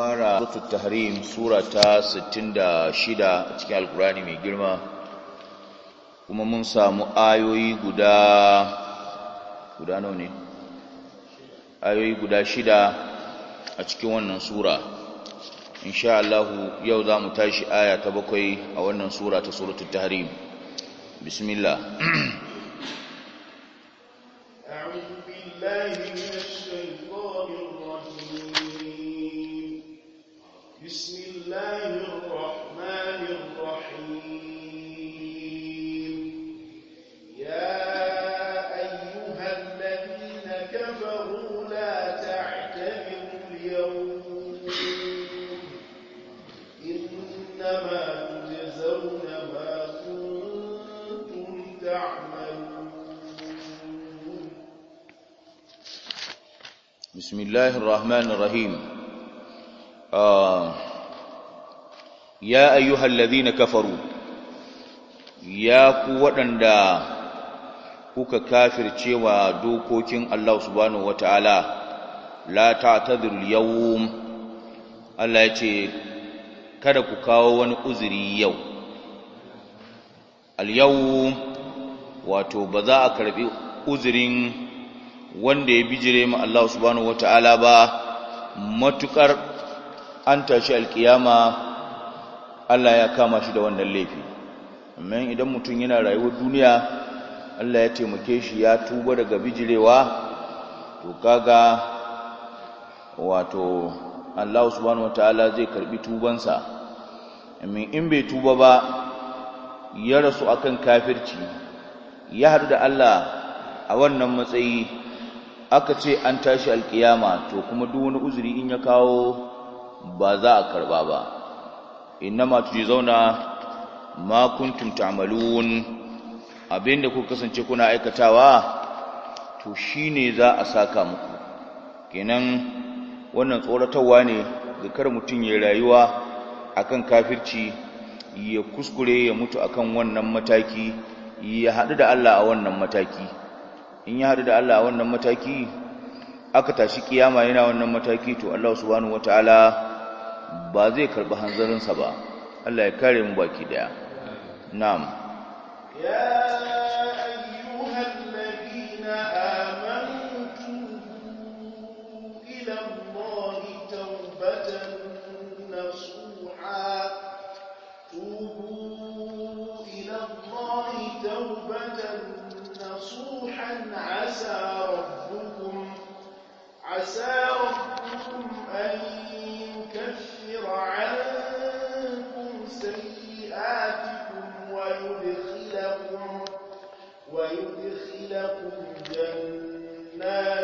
fara zurfin tahrim sura ta 66 a cikin alkurani mai girma kuma mun samu ayoyi guda guda nau ne ayoyi guda shida a cikin wannan sura insha Allahu yau za mu tashi aya ta bakwai a wannan sura ta suratul tahrim bismillah بسم الله الرحمن الرحيم آه يا أيها الذين كفروا يا قوة دا kuka kafircewa dokokin Allah subhanahu wataala la ta'tadhir yawm Allah ya ce kada ku kawo wani uzuri yau al yawm wato ba za a karɓi uzurin wanda ya bijire ma Allah subhanahu ta’ala ba matukar an tashi alƙiyama, Allah ya kama shi da wannan laifi amma idan mutum yana rayuwar duniya Allah ya taimake shi ya tuba daga bijirewa to kaga wato Allah subhanahu ta’ala zai karbi tubansa amma in bai tuba ba ya rasu akan kafirci ya haɗu da Allah a wannan matsayi aka ce an tashi alkiyama to kuma duk wani uzuri in ya kawo ba za a karba ba innama zauna ma kuntum ta'malun abinda ku kasance kuna aikatawa to shine za a saka muku kenan wannan tsoratarwa ne ga kar mutum ya rayuwa akan kafirci ya kuskure ya mutu akan wannan mataki ya haɗu da Allah a wannan mataki in ya haɗu da Allah a wannan mataki aka tashi kiyama yana wannan mataki to Allah subhanahu wataala ba zai karɓi hanzarinsa ba Allah ya kare mu baki daya na'am yeah. عسى ربكم أن يكفر عنكم سيئاتكم ويدخلكم, ويدخلكم جنات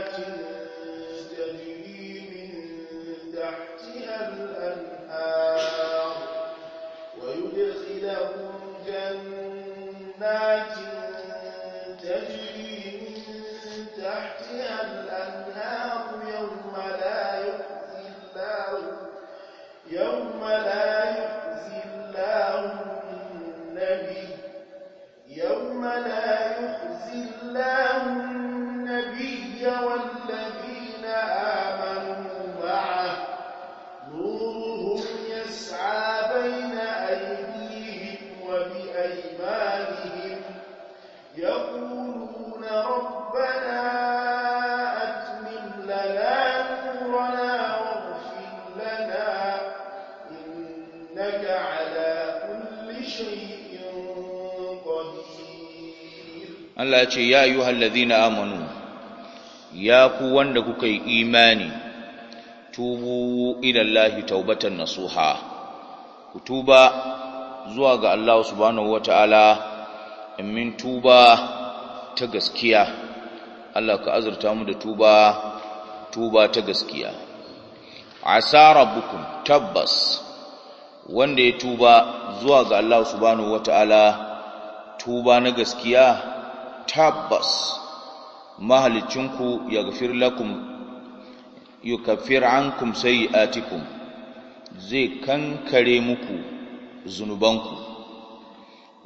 ce ya ayyuhal ladzina amanu ya ku wanda kuka yi imani tubu ila Allahi taubatan nasuha ku tuba zuwa ga Allah subhanahu wataala min tuba ta gaskiya Allah ka azurta mu da tuba tuba ta gaskiya asa rabbukum tabbas wanda ya tuba zuwa ga Allah subhanahu wataala tuba na gaskiya tabbas mahalicinku ya gafir lakum yukaffir ankum sayi'atikum zai kankare muku zunubanku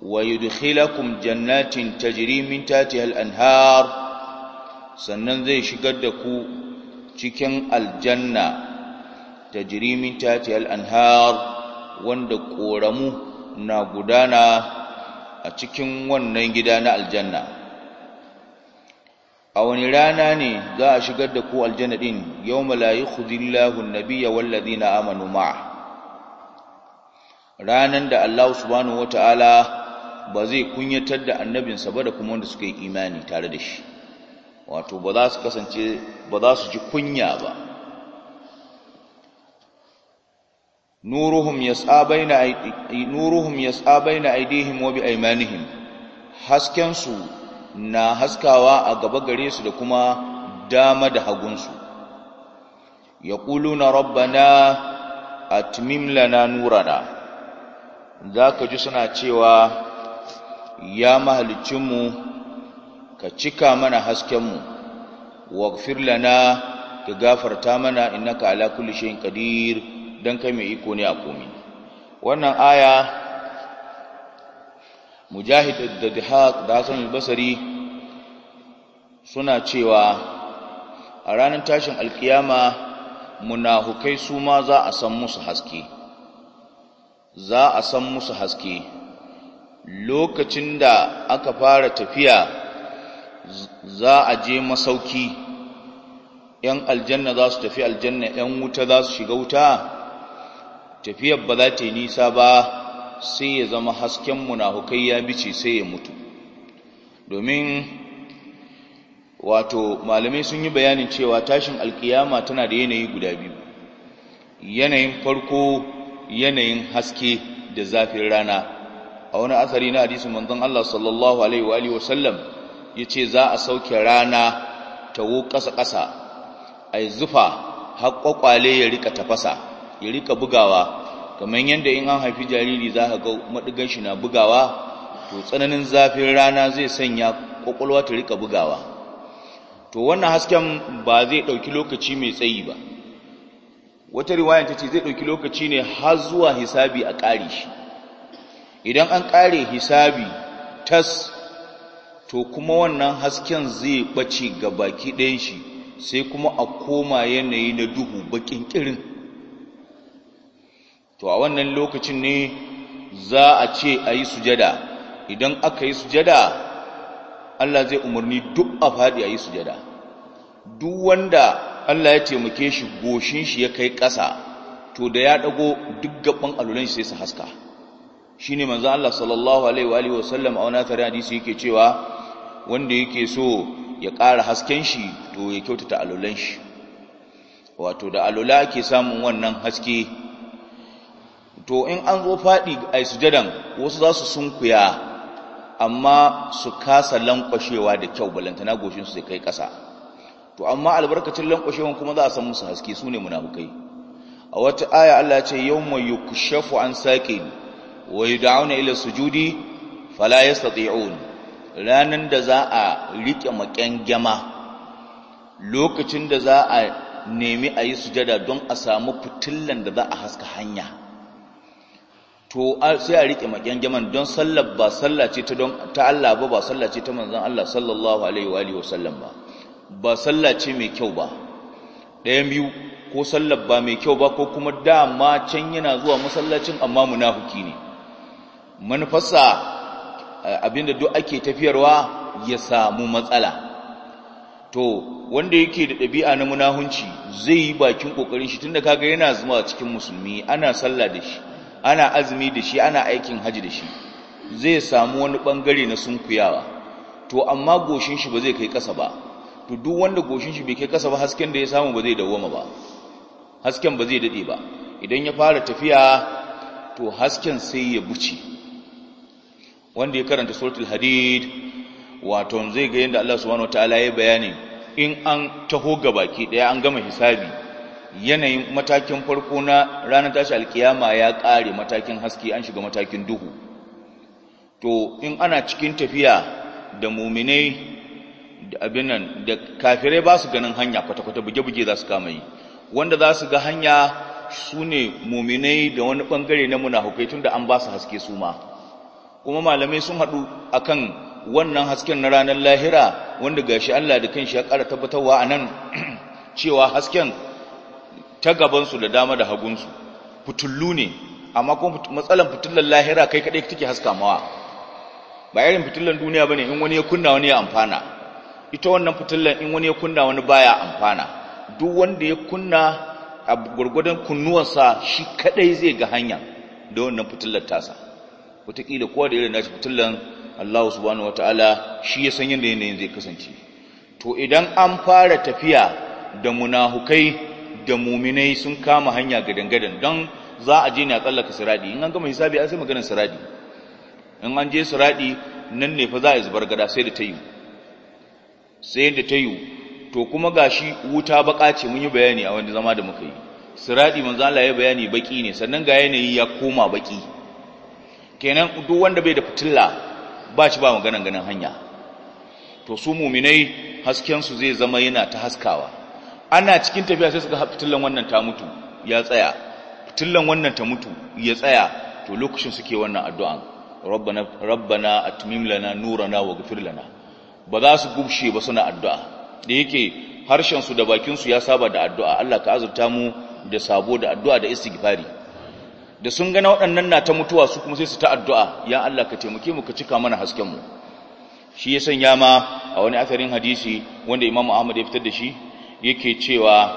wa yudkhilakum jannatin tajri min tahtiha al-anhar sannan zai shigar da ku cikin aljanna tajri min tahtiha al-anhar wanda koramu na gudana a cikin wannan gida na aljanna a wani rana ne za a shigar da ku aljanna din Yau la yukhzillahu nabiyya wal na amanu ma ranan da Allah subhanahu wataala ba zai kunyatar da annabinsa ba da kuma wanda suka yi imani tare da shi wato ba za su kasance ba za su ji kunya ba nuruhum yas'a baina nuruhum yas'a baina aydihim wa bi aymanihim hasken su na haskawa a gaba gare su da kuma dama da hagunsu ya na rabbana na nura nurana za ka ji suna cewa ya mahalicinmu ka cika mana haskenmu waghfir na ka gafarta mana ina ala kulli shay'in qadir dan kai mai iko ne a komai wannan aya mujahid da dihaq da hasan basari suna cewa a ranar tashin alkiyama munahukai su ma za a san musu haske za a san musu haske lokacin da aka fara tafiya za a je masauki ‘yan aljanna za su tafi aljanna ‘yan wuta za su shiga wuta tafiyar ba za ta yi nisa ba sai ya zama hasken munafukai ya bice sai ya mutu domin wato malamai sun yi bayanin cewa tashin alkiyama tana da yanayi guda biyu yanayin farko yanayin haske da zafin rana a wani asari na hadisin manzon Allah sallallahu alaihi wa alihi wasallam yace za a sauke rana ta wo ƙasa ƙasa ai zufa har kwakwale ya rika tafasa ya rika bugawa kamar yadda in an haifi jariri za ka ga maɗigar shi na bugawa to tsananin zafin rana zai sanya ƙwaƙwalwa ta rika bugawa to wannan hasken ba zai ɗauki lokaci mai tsayi ba wata riwayar ta ce zai ɗauki lokaci ne har zuwa hisabi a ƙare shi idan an ƙare hisabi tas to kuma wannan hasken zai ɓace ga baki ɗayan shi sai kuma a koma yanayi na duhu baƙin ƙirin to a wannan lokacin ne za a ce a yi sujada idan aka yi sujada Allah zai umarni duk a faɗi a yi sujada duk wanda Allah ya taimake shi goshin shi ya kai ƙasa to da ya ɗago duk gaban alulan shi sai su haska shi ne manzan Allah sallallahu alaihi wa sallam a wani tare hadisi yake cewa wanda yake so ya ƙara hasken shi to ya kyautata alulan shi wato da alula ake samun wannan haske to in an zo faɗi a sujadan wasu za su sunkuya amma su kasa lankwashewa da kyau balantana goshin su kai ƙasa to amma albarkacin lankwashewan kuma za a san musu haske su ne munafukai a wata aya Allah ya ce ku shafu an sake wa yud'auna ila sujudi fala yastati'un ranan da za a rike gyama lokacin da za a nemi a yi sujada don a samu fitillan da za a haska hanya to sai a riƙe magyangaman don sallar ba sallah ce ta don ta Allah ba ba sallah ce ta manzon Allah sallallahu alaihi wa alihi ba ba sallah ce mai kyau ba ɗayan biyu ko sallar ba mai kyau ba ko kuma dama can yana zuwa masallacin amma munafiki ne manufarsa abinda duk ake tafiyarwa ya samu matsala to wanda yake da ɗabi'a na munahunci zai yi bakin ƙoƙarin shi tunda kaga yana zuma cikin musulmi ana sallah da shi ana azumi da shi ana aikin haji da shi zai samu wani bangare na sunkuyawa to amma goshin shi ba zai kai kasa ba to duk wanda goshin shi bai kai kasa ba hasken da ya samu ba zai dawoma ba hasken ba zai dade ba idan ya fara tafiya to hasken sai ya buci wanda ya karanta suratul hadid wato zai ga yanda Allah subhanahu wataala ya bayani in an taho gabaki daya an gama hisabi yanayin matakin farko na ranar tashi alkiyama ya ƙare matakin haske an shiga matakin duhu to in ana cikin tafiya da muminai da abinan da kafirai ba su ganin hanya kwata-kwata buge-buge za su kama yi wanda za su ga hanya su ne muminai da wani ɓangare na munafukai tun da an ba su haske su ma kuma malamai sun haɗu akan wannan hasken na ranar lahira wanda gashi Allah da kanshi ya ƙara tabbatarwa a nan cewa hasken ta gabansu da dama da hagunsu fitullu ne amma kuma matsalan fitullan lahira kai kaɗai take haska mawa ba irin fitullan duniya ba ne in wani ya kunna wani ya amfana ita wannan fitullan in wani ya kunna wani baya amfana duk wanda ya kunna a gwargwadon kunnuwarsa shi kaɗai zai ga hanya da wannan fitullar tasa wataƙila kowa da irin nashi fitullan Allah subhanahu wataala shi ya san yadda yanayin zai kasance to idan an fara tafiya da munahukai da muminai sun kama hanya gadangadan don za a je ne a tsallaka siradi in an gama hisabi an sai maganar siradi in an je siradi nan ne fa za a zubar gada sai da ta yi sai da ta yi to kuma gashi wuta baka ce mun yi bayani a wani zama da muka yi siradi manzo Allah ya bayani baki ne sannan ga yanayi ya koma baki kenan duk wanda bai da fitilla ba shi ba maganan ganin hanya to su muminai hasken su zai zama yana ta haskawa ana cikin tafiya sai suka fitillan wannan ta mutu ya tsaya fitillan wannan ta mutu ya tsaya to lokacin suke wannan addu'an rabbana rabbana atmim lana nurana waghfir lana ba za su gubshe ba suna addu'a da yake harshen su da bakin su ya saba da addu'a Allah ka azurta mu da sabo da addu'a da istighfari da sun gana waɗannan na ta mutuwa su kuma sai su ta addu'a ya Allah ka taimake mu ka cika mana hasken mu shi ya sanya ma a wani atharin hadisi wanda Imam Ahmad ya fitar da shi yake cewa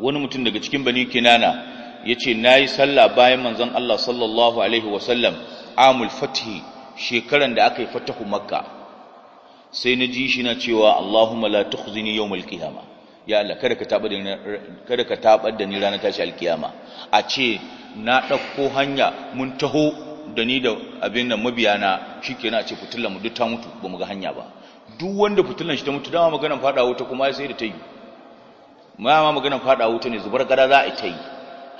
wani mutum daga cikin bani kinana ya ce na yi sallah bayan manzon Allah sallallahu alaihi wasallam amul fatih shekaran da aka yi fatahu makka sai na ji shi na cewa Allahumma la tukhzini yawmal qiyama ya Allah kada ka taɓa da ni ranar tashi alkiyama a ce na ɗauko hanya mun taho da ni da abin nan mabiyana ke na ce fitilan mu duk ta mutu ba mu ga hanya ba duk wanda fitilan shi ta mutu dama maganan fada wuta kuma sai da ta yi ma maganan fada wuta ne zubar gada za a ta yi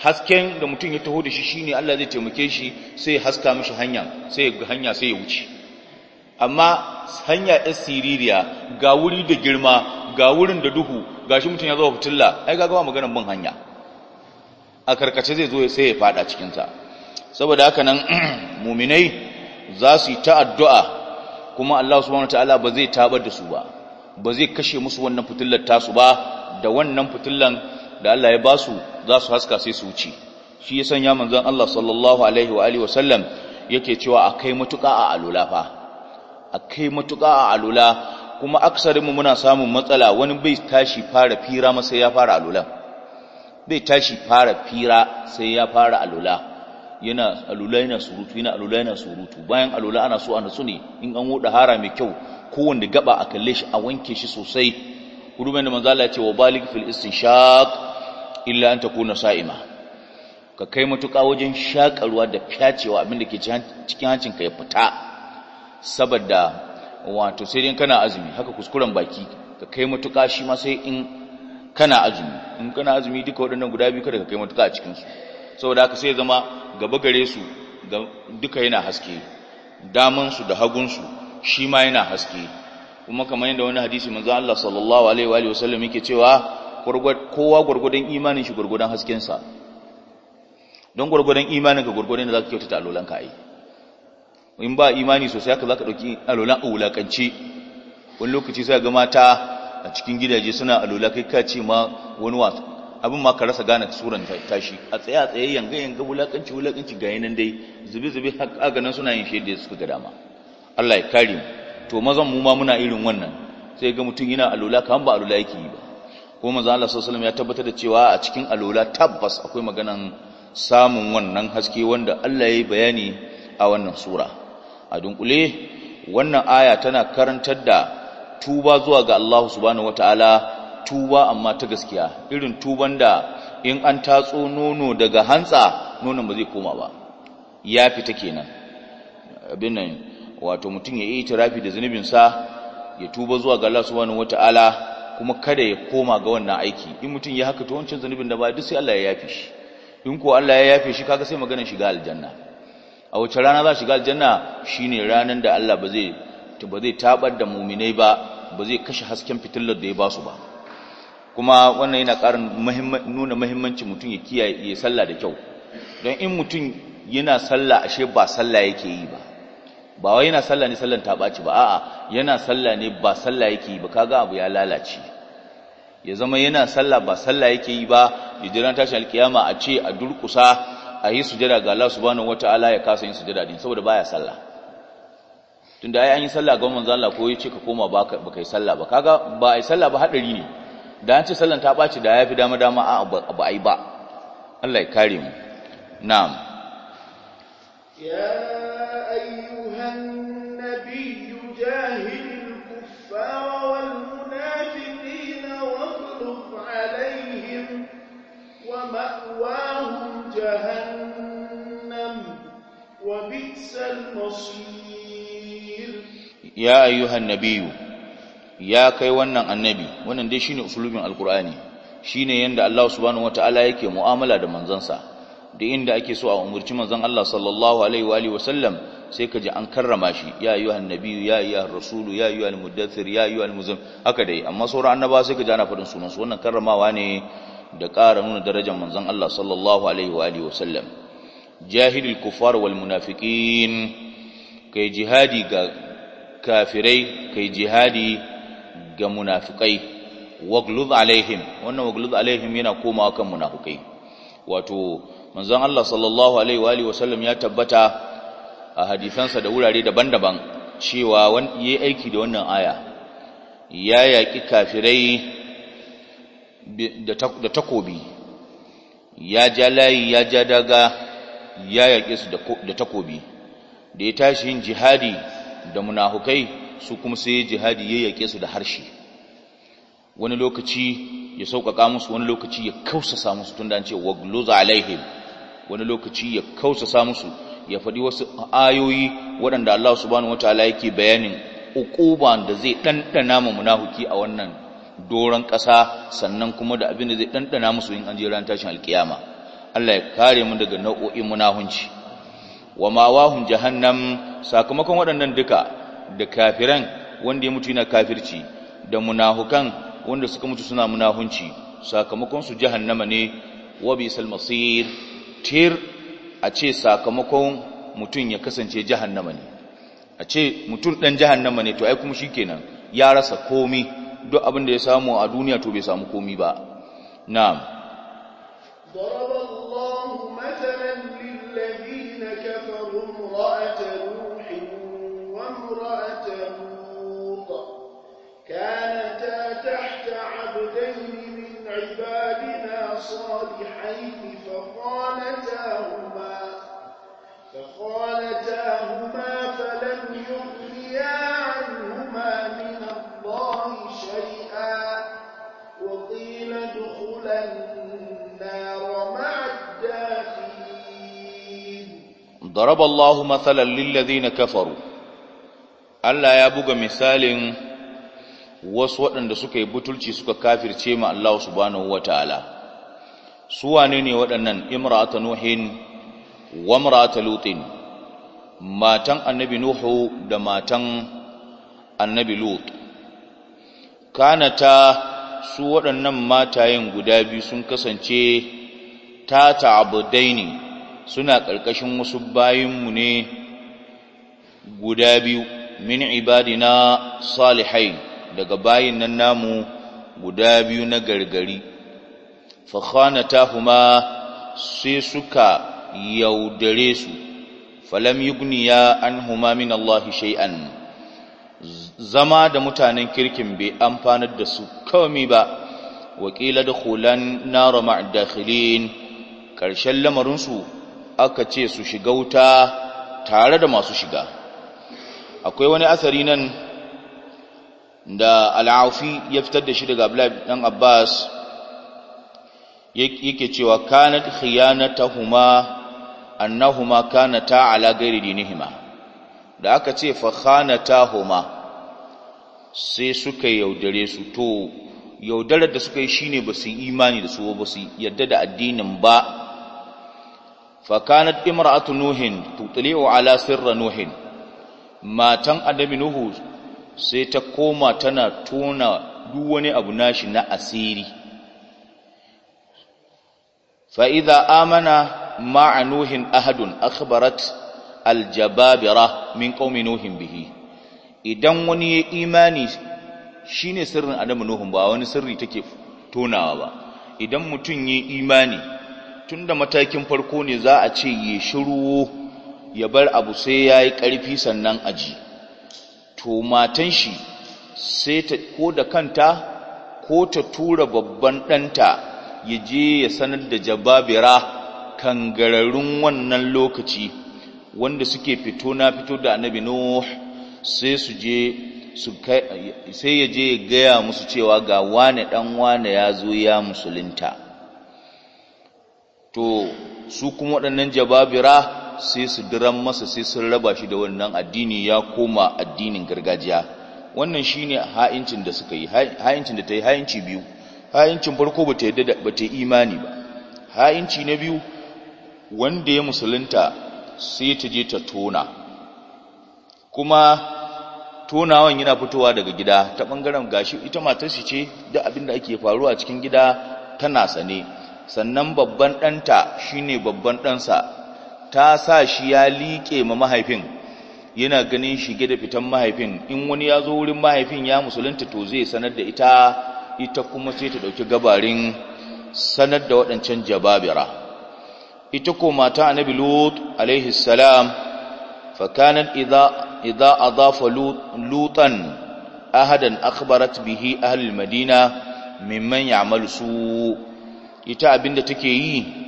hasken da mutum ya taho da shi ne Allah zai taimake shi sai haska mishi hanya sai ga hanya sai ya wuce amma hanya ɗan siririya ga wuri da girma ga wurin da duhu ga shi mutum ya zuwa fitilla ai gama maganan bin hanya a karkace zai zo sai ya fada cikin saboda haka nan muminai za su yi ta addu'a kuma Allah subhanahu wataala ba zai tabar da su ba ba zai kashe musu wannan fitillar tasu ba da wannan fitillan da Allah ya basu za su haska sai su wuce shi ya sanya manzon Allah sallallahu alaihi wa alihi wasallam yake cewa akai mutuka a alula fa akai mutuka a alula kuma aksarin mu muna samun matsala wani bai tashi fara fira masa ya fara alula bai tashi fara fira sai ya fara alula yana alula yana surutu yana alula yana surutu bayan alula ana so ana ne in an wuda hara mai kyau kowanne gaba a kalle shi a wanke shi sosai hudumen da manzo Allah ya ce wa balig fil istinshaq illa an takuna sa'ima ka kai mutuka wajen shakarwa da fyacewa abin da ke cikin hancin ka ya fita saboda wato sai dai kana azumi haka kuskuren baki ka kai mutuka shi ma sai in kana azumi in kana azumi duka waɗannan guda biyu kada ka kai mutuka a cikin su saboda haka sai zama gaba gare su duka yana haske damansu da hagunsu shi ma yana haske kuma kamar yadda wani hadisi manzo Allah sallallahu alaihi wa wasallam yake cewa kowa gurgurdan imanin shi gurgurdan hasken sa don gurgurdan imanin ka gurgurdan da zaka kyautata alolan ka ai in ba imani sosai haka zaka dauki alolan wulakanci wani lokaci sai ga mata a cikin gidaje suna alola kai ka ce ma wani abin ma ka rasa gane suran tashi a tsaye a tsaye yanga yanga wulakanci wulakanci ga yanan dai zube zube haka ganin suna yin shaidu da suka ga dama Allah ya kare mu to mazan mu ma muna irin wannan sai ga mutum yana alula kan ba alula yake yi ba ko manzo Allah sallallahu alaihi ya tabbatar da cewa a cikin alula tabbas akwai maganan samun wannan haske wanda Allah ya yi bayani a wannan sura a dunkule wannan aya tana karantar da tuba zuwa ga Allah subhanahu wataala tuba amma ta gaskiya irin tuban da in an tatso nono daga hantsa nonon ba zai koma ba ya fita kenan abin nan wato mutum ya yi tirafi da zunubinsa ya tuba zuwa ga Allah subhanahu wataala kuma kada ya koma ga wannan aiki in mutum ya haka to wancan zunubin da ba duk sai Allah ya yafe shi in ko Allah ya yafe shi kaga sai maganar shiga aljanna a wace rana za shiga aljanna shine ranan da Allah ba zai ba zai tabar da muminai ba ba zai kashe hasken fitilar da ya basu ba kuma wannan yana ƙarin nuna muhimmanci mutum ya kiyaye ya salla da kyau don in mutum yana sallah ashe ba sallah yake yi ba ba wai yana sallah ne sallan ta ɓaci ba a'a yana sallah ne ba sallah yake yi ba kaga abu ya lalace ya zama yana sallah ba sallah yake yi ba ya jiran tashin alkiyama a ce a durkusa a yi sujada ga Allah subhanahu wataala ya kasa yin sujada din saboda baya sallah tunda ai an yi sallah ga manzo Allah ko ya ce ka koma ba ka yi sallah ba kaga ba ai sallah ba hadari ne da an ce sallan ta ɓaci da ya fi dama dama a abu a yi ba Allah ya kare mu na'am ya ayyuhan nabiyyu jahilul kuffara wal wa waqlub alaihim wa ma'wahum jahannam wa bi'sal masir ya ayyuhan nabiyyu ya kai wannan annabi wannan dai shine usulubin alqur'ani shine yanda Allah subhanahu wataala yake mu'amala da manzansa da inda ake so a umurci manzon Allah sallallahu alaihi wa alihi wasallam sai kaje an karrama shi ya ayyuhan nabiyyu ya ayyuhar rasulu ya ayyuhal mudaththir ya ayyuhal muzam haka dai amma sauran annabawa sai kaje ana faɗin sunan su wannan karramawa ne da ƙara nuna darajar manzon Allah sallallahu alaihi wa alihi wasallam jahilul kufar wal munafiqin kai jihadi ga kafirai kai jihadi ga munafikai wagluz alaihim wannan wagluz alaihim yana komawa kan munafikai wato manzon Allah sallallahu alaihi wa alihi wasallam ya tabbata a hadisansa da wurare daban-daban cewa wani yayi aiki da wannan aya ya yaki kafirai da takobi ya ja layi ya ja daga ya yaki su da takobi da ya tashi yin jihadi da munafukai su kuma sai jihadi ya yake su da harshe wani lokaci ya sauƙaƙa musu wani lokaci ya kausasa musu da an ce wagluza alaihim wani lokaci ya kausasa musu ya faɗi wasu ayoyi waɗanda Allah subhanahu wataala yake bayanin uquba da zai ɗanɗana ma munafiki a wannan doron ƙasa sannan kuma da abin da zai ɗanɗana musu in an je ran tashin alkiyama Allah ya kare mu daga nau'o'in munahunci wa mawahum jahannam sakamakon waɗannan duka da kafiran wanda ya mutu yana kafirci da munahukan wanda suka mutu suna munahunci sakamakon su jahannama ne wa bisal masir tir a ce sakamakon mutum ya kasance jahannama ne a ce mutum dan jahannama ne to ai kuma shikenan ya rasa komi duk abin da ya samu a duniya to bai samu komi ba na'am عبادنا صالحين فخانتاهما فخانتاهما فلم يغنيا عنهما من الله شيئا وقيل ادخلا النار مع الداخلين ضرب الله مثلا للذين كفروا ألا ya مثال wasu waɗanda suka yi butulci suka kafirce ma Allah subhanahu ta'ala. su wane ne waɗannan imrata nuhin wa mrata lutin matan annabi nuhu da matan annabi lut kanata su waɗannan matayen guda biyu sun kasance ta ne suna ƙarƙashin wasu bayinmu ne guda biyu min ibadina salihain daga bayin nan namu guda biyu na gargari ta huma sai suka yaudare su falam yugniya huma min Allah shay'an zama da mutanen kirkin bai amfanar da su kawai ba wakila da nar ma'a dakhilin karshen lamarin su aka ce su shiga wuta tare da masu shiga akwai wani asari nan da al'afi ya fitar da shi daga abdullahi dan abbas yake cewa kanat khiyanatahuma annahuma kanata ala ghairi dinihima da aka ce fa khanatahuma sai suka yaudare su to yaudarar da suka yi shine ba su imani da su ba su yadda da addinin ba fa kanat imra'atu nuhin tutli'u ala sirri nuhin matan adami nuhu sai ta koma tana tona duk wani abu nashi na asiri fa idza amana ma'a nuhin ahadun akhbarat aljababira min qaumi nuhin bihi idan wani ya imani shine sirrin adamu nuhun ba wani sirri take tonawa ba idan mutum ya imani tunda matakin farko ne za a ce ya shiruwo ya bar abu sai yayi karfi sannan aji to matan shi sai ta ko da kanta ko ta tura babban ɗanta ya je ya sanar da jababira kan kangararrun wannan lokaci wanda suke fito na fito da annabi nuh sai su je su sai ya je ya gaya musu cewa ga wane ɗan wane ya zo ya musulunta to su kuma waɗannan jababira sai su diran masa sai sun raba shi da wannan addini ya koma addinin gargajiya wannan shine ha'incin da suka yi ha'incin da ta yi ha'inci biyu ha'incin farko ba ta yadda ba ta yi imani ba ha'inci na biyu wanda ya musulunta sai ta je ta tona kuma tonawan yana fitowa daga gida ta bangaren gashi ita matar shi ce da abin da ake faruwa cikin gida tana sane sannan babban ɗanta shine babban ɗansa ta sa shi ya liƙe ma mahaifin yana ganin shige da fitan mahaifin in wani ya zo wurin mahaifin ya musulunta to zai sanar da ita ita kuma sai ta ɗauki gabarin sanar da waɗancan jababira ita ko mata annabi lut alaihi salam fa kanat idza idza adafa lutan ahadan akhbarat bihi ahlul madina mimman ya'malu su ita abinda take yi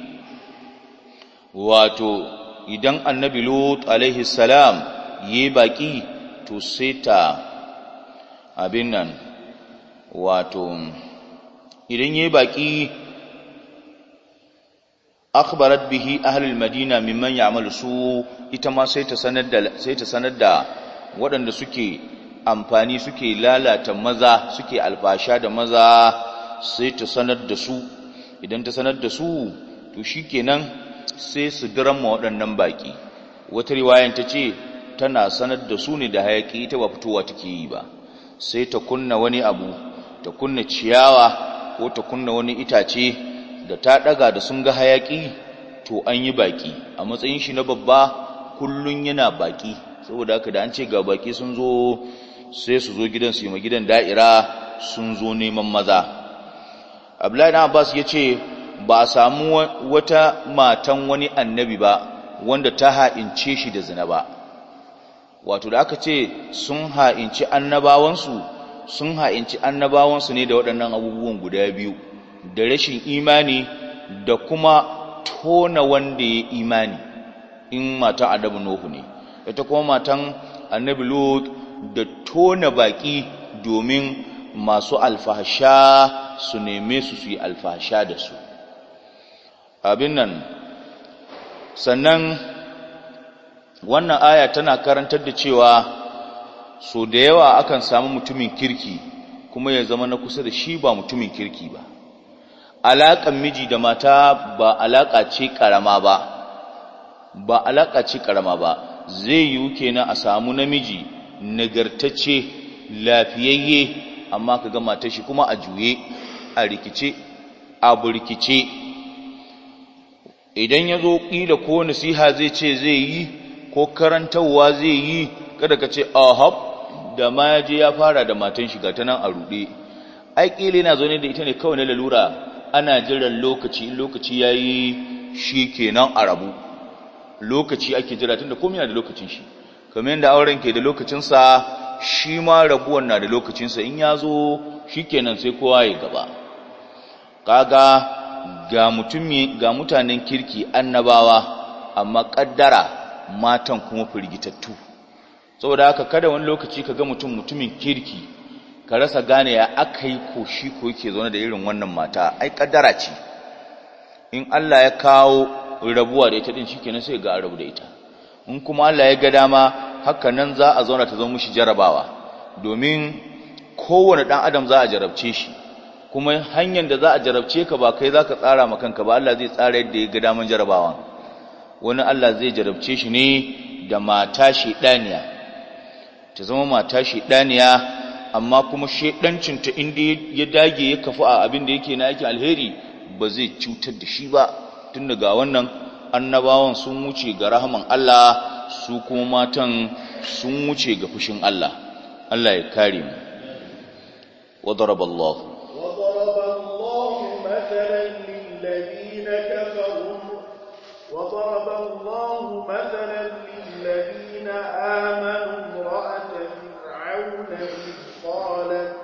wato idan annabi lut alaihi salam yi baki to sai ta abin nan wato idan yi baki akhbarat bihi ahlul madina mimman ya'malu su ita ma sai ta sanar da sai ta sanar da waɗanda suke amfani suke lalata maza suke alfasha da maza sai ta sanar da su idan ta sanar da su to shikenan sai su dirama waɗannan baƙi wata riwayan ta ce tana sanar da su ne da hayaƙi ta ba fitowa take yi ba sai ta kunna wani abu ta kunna ciyawa ko ta kunna wani itace da ta ɗaga da sun ga hayaƙi to an yi baƙi a matsayin shi na babba kullum yana baƙi saboda haka da an ce ga baƙi sun zo sai su zo gidan su yi ma gidan da'ira sun zo neman maza abdullahi na abbas ya ce ba a samu wata matan wani annabi ba wanda ta ha'ince shi da zina ba wato da aka ce sun ha'inci annabawansu sun ha'inci annabawansu ne da waɗannan abubuwan guda biyu da rashin imani da kuma tona wanda ya imani in matan annabi nuhu ne ita kuma matan annabi lut da tona baƙi domin masu alfahasha su neme su su yi alfahasha da su abin nan sannan wannan aya tana karantar da cewa so da yawa akan samu mutumin kirki kuma ya zama na kusa da shi ba mutumin kirki ba alaƙan miji da mata ba alaƙa ce ƙarama ba ba alaƙa ce ƙarama ba zai yiwu kenan a samu namiji nagartacce lafiyayye amma ka ga matar kuma a juye a rikice a burkice idan ya zo ƙila ko nasiha zai ce zai yi ko karantarwa zai yi kada ka ce ahab da ma ya je ya fara da matan shiga ta nan a ruɗe ai ƙila yana zaune da ita ne kawai na lalura ana jiran lokaci lokaci ya yi shi kenan a rabu lokaci ake jira tun da komai da lokacin shi kamar yadda auren ke da lokacinsa shi ma rabuwan na da lokacinsa in ya zo shi kenan sai kowa ya gaba kaga ga ga mutanen kirki annabawa amma kaddara matan kuma firgitattu saboda haka kada wani lokaci ka ga mutum mutumin kirki ka rasa gane ya aka yi ko shi ko yake zaune da irin wannan mata ai kaddara ce in Allah ya kawo rabuwa da ita din shikenan sai ga rabu da ita in kuma Allah ya ga dama haka nan za a zauna ta zo mishi jarabawa domin kowane dan adam za a jarabce shi kuma hanyar da za a jarabce ka ba kai za ka tsara ma kanka ba Allah zai tsara yadda ya ga daman jarabawan wani Allah zai jarabce shi ne da mata ɗaniya. ta zama mata ɗaniya amma kuma shedancin ta inda ya dage ya kafu a abin da yake na yake alheri ba zai cutar da shi ba tun daga wannan annabawan sun wuce ga rahaman Allah su kuma matan sun wuce ga fushin Allah Allah ya kare mu wa daraballahu ضرب الله مثلا للذين آمنوا امرأة فرعون إذ قالت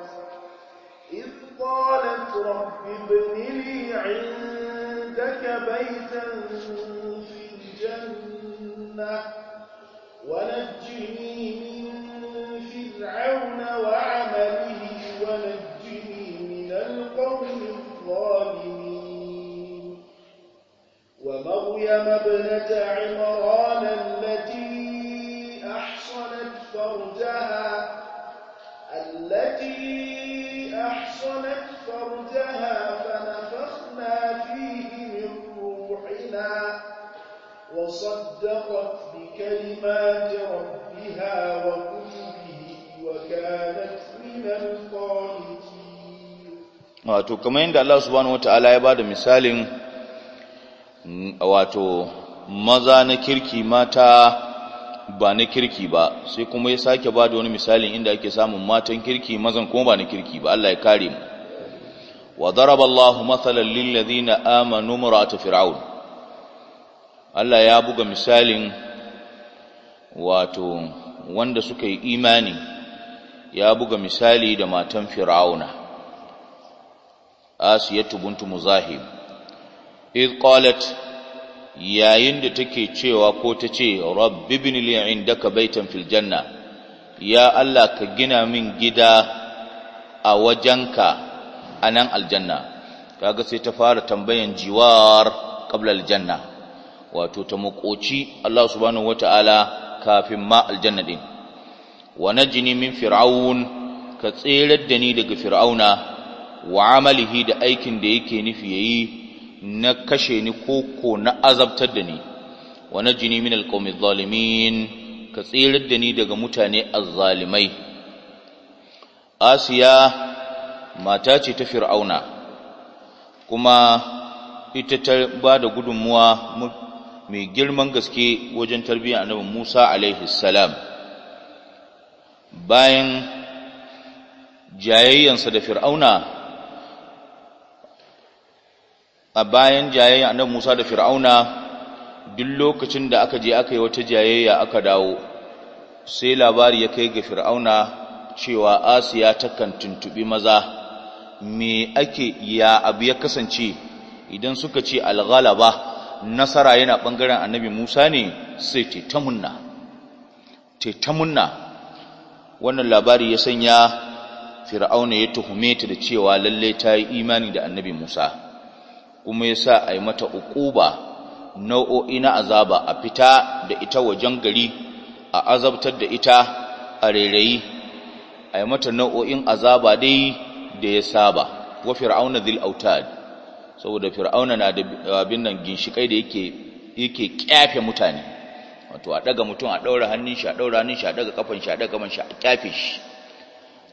إذ قالت رب ابن لي عندك بيتا في الجنة ونجني من فرعون وعمله ونجني من القوم الظالمين ومريم ابنة عمران التي أحصنت فرجها التي أحصنت فرجها فنفخنا فيه من روحنا وصدقت بكلمات ربها وكتبه وكانت من القانتين wato الله سبحانه وتعالى subhanahu wataala wato maza na kirki mata ba na kirki ba sai kuma ya sake ba da wani misalin inda ake samun matan kirki mazan kuma ba na kirki ba Allah ya kare mu wa daraba Allahu mathalan lil ladina amanu mar'atu fir'aun Allah ya buga misalin wato wanda suka yi imani ya buga misali da matan fir'auna asiyatu bintu muzahib idh yayin da take cewa ko ta ce rabbi ibn li indaka baitan fil janna ya Allah ka gina min gida a wajenka anan aljanna kaga sai ta fara tambayan jiwar qabla aljanna wato ta makoci Allah subhanahu wataala kafin ma aljanna din wa najini min fir'aun ka tsirar da ni daga fir'auna wa amalihi da aikin da yake nufi yayi na kashe ni ko ko na azabtar da ni wa najini min alqawmi adh-dhalimin ka tsirar da ni daga mutane azzalimai asiya mata ce ta fir'auna kuma ita ta ba da gudunmuwa mai girman gaske wajen tarbiyyar annabi Musa alaihi salam bayan jayayyansa da fir'auna a bayan jayayya annabi Musa da Fir'auna duk lokacin da aka je aka yi wata jayayya aka dawo sai labari ya kai ga Fir'auna cewa Asiya takan tuntubi maza me ake ya abu ya kasance idan suka ce al-ghalaba nasara yana bangaren annabi Musa ne sai ta munna ta munna wannan labari ya sanya Fir'auna ya tuhume ta da cewa lalle ta yi imani da annabi Musa kuma ya sa a mata uquba nau'o'i na azaba a fita da ita wajen gari a azabtar da ita a rairayi a mata nau'o'in azaba dai da ya saba wa fir'auna dhil autad saboda fir'auna na da abin nan ginshikai da yake yake kyafe mutane wato a daga mutum a daura hannun shi a daura hannun shi a daga kafan shi a daga kafan shi a kyafe shi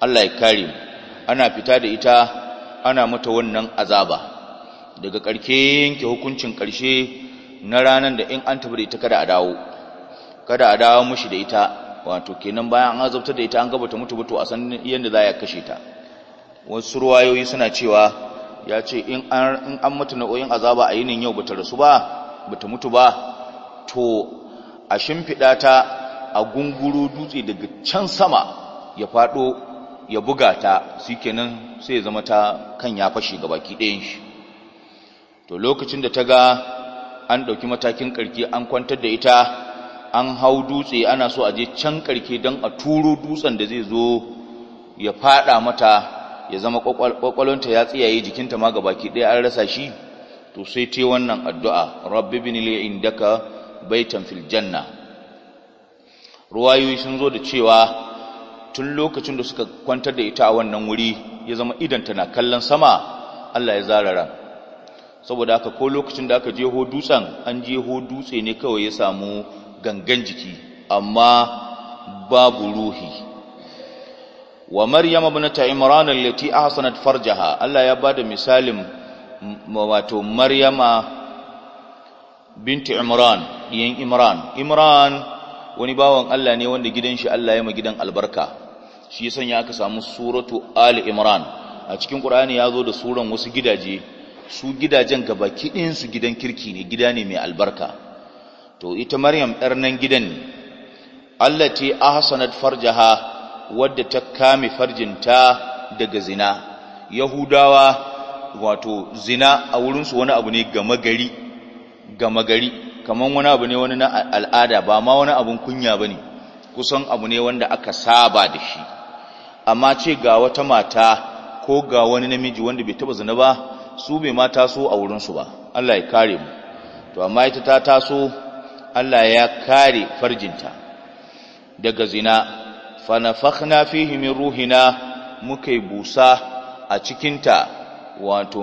Allah ya kare ana fita da ita ana mata wannan azaba daga ƙarke yanke hukuncin ƙarshe na ranar da in an tafi da ita kada a dawo kada a dawo mushi da ita wato kenan bayan an azabtar da ita an gabata mutu mutu a san yanda za a kashe ta wasu ruwayoyi suna cewa ya ce in an mutu oyin azaba a yinin yau bata rasu ba bata mutu ba to a shimfiɗa ta a gunguru dutse daga can sama ya faɗo ya buga ta su kenan sai ya zama ta kan ya fashe ga baki ɗayan shi to lokacin da ta ga an ɗauki matakin ƙarke an kwantar da ita an hau dutse ana so a je can ƙarke don a turo dutsen da zai zo ya faɗa mata ya zama ƙwaƙwalonta ya tsiyaye jikinta ma ga baki ɗaya an rasa shi to sai ta wannan addu'a rabbi bin li indaka baitan fil janna ruwayoyi sun zo da cewa tun lokacin da suka kwantar da ita a wannan wuri ya zama idanta na kallon sama Allah ya zarara saboda haka ko lokacin da aka jeho dutsen an jeho dutse ne kawai ya samu gangan jiki amma babu ruhi wa maryam ibnata imran allati ahsanat farjaha Allah ya bada misalin wato maryama binti imran diyan imran imran wani bawan Allah ne wanda gidan shi Allah ya ma gidan albarka shi ya sanya aka samu suratu ali imran a cikin qur'ani ya zo da suran wasu gidaje su gidajen gabaki ɗinsu gidan kirki ne gida ne mai albarka to ita maryam ɗar nan gidan ne allati ahsanat farjaha wadda ta kame farjinta daga zina yahudawa wato zina a wurinsu wani abu ne gama gari gama kaman wani abu ne wani na al'ada ba ma wani abun kunya ba ne kusan abu ne wanda aka saba da shi amma ce ga wata mata ko ga wani namiji wanda bai taba zina ba su bai ma taso a wurin su ba Allah ya kare mu to amma ita ta taso Allah ya kare farjinta daga zina fa nafakhna fihi min ruhina mukai busa a cikinta wato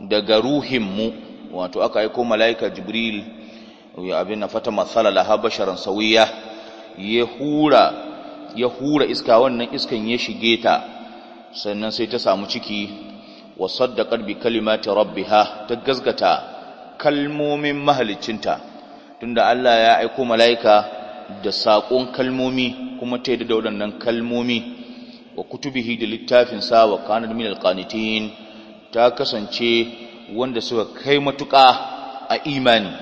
daga ruhinmu wato aka aika malaika jibril ya abin nafata masala laha basharan sawiya ya hura ya hura iska wannan iskan ya shige ta sannan sai ta samu ciki wa saddaqat bi kalimati rabbiha ta gaskata kalmomin mahalicinta tunda Allah ya aika malaika da sakon kalmomi kuma ta yadda da waɗannan kalmomi wa kutubihi da littafin sa wa min alqanitin ta kasance wanda suka kai matuƙa a imani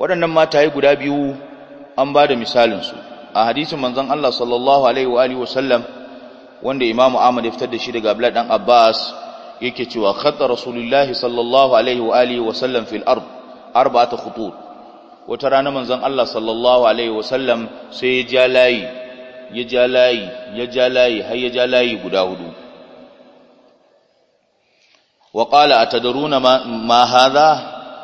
waɗannan mataye guda biyu an ba da misalinsu a hadisin manzon Allah sallallahu alaihi wa alihi wa sallam wanda Imam Ahmad ya fitar da shi daga Abdullah dan Abbas yake cewa khadda rasulullahi sallallahu alaihi wa alihi wa sallam fil ard arba'ata khutut wata rana manzon Allah sallallahu alaihi wa sallam sai ya ja layi ya ja ya ja har ya ja guda hudu wa qala atadaruna ma, ma hadha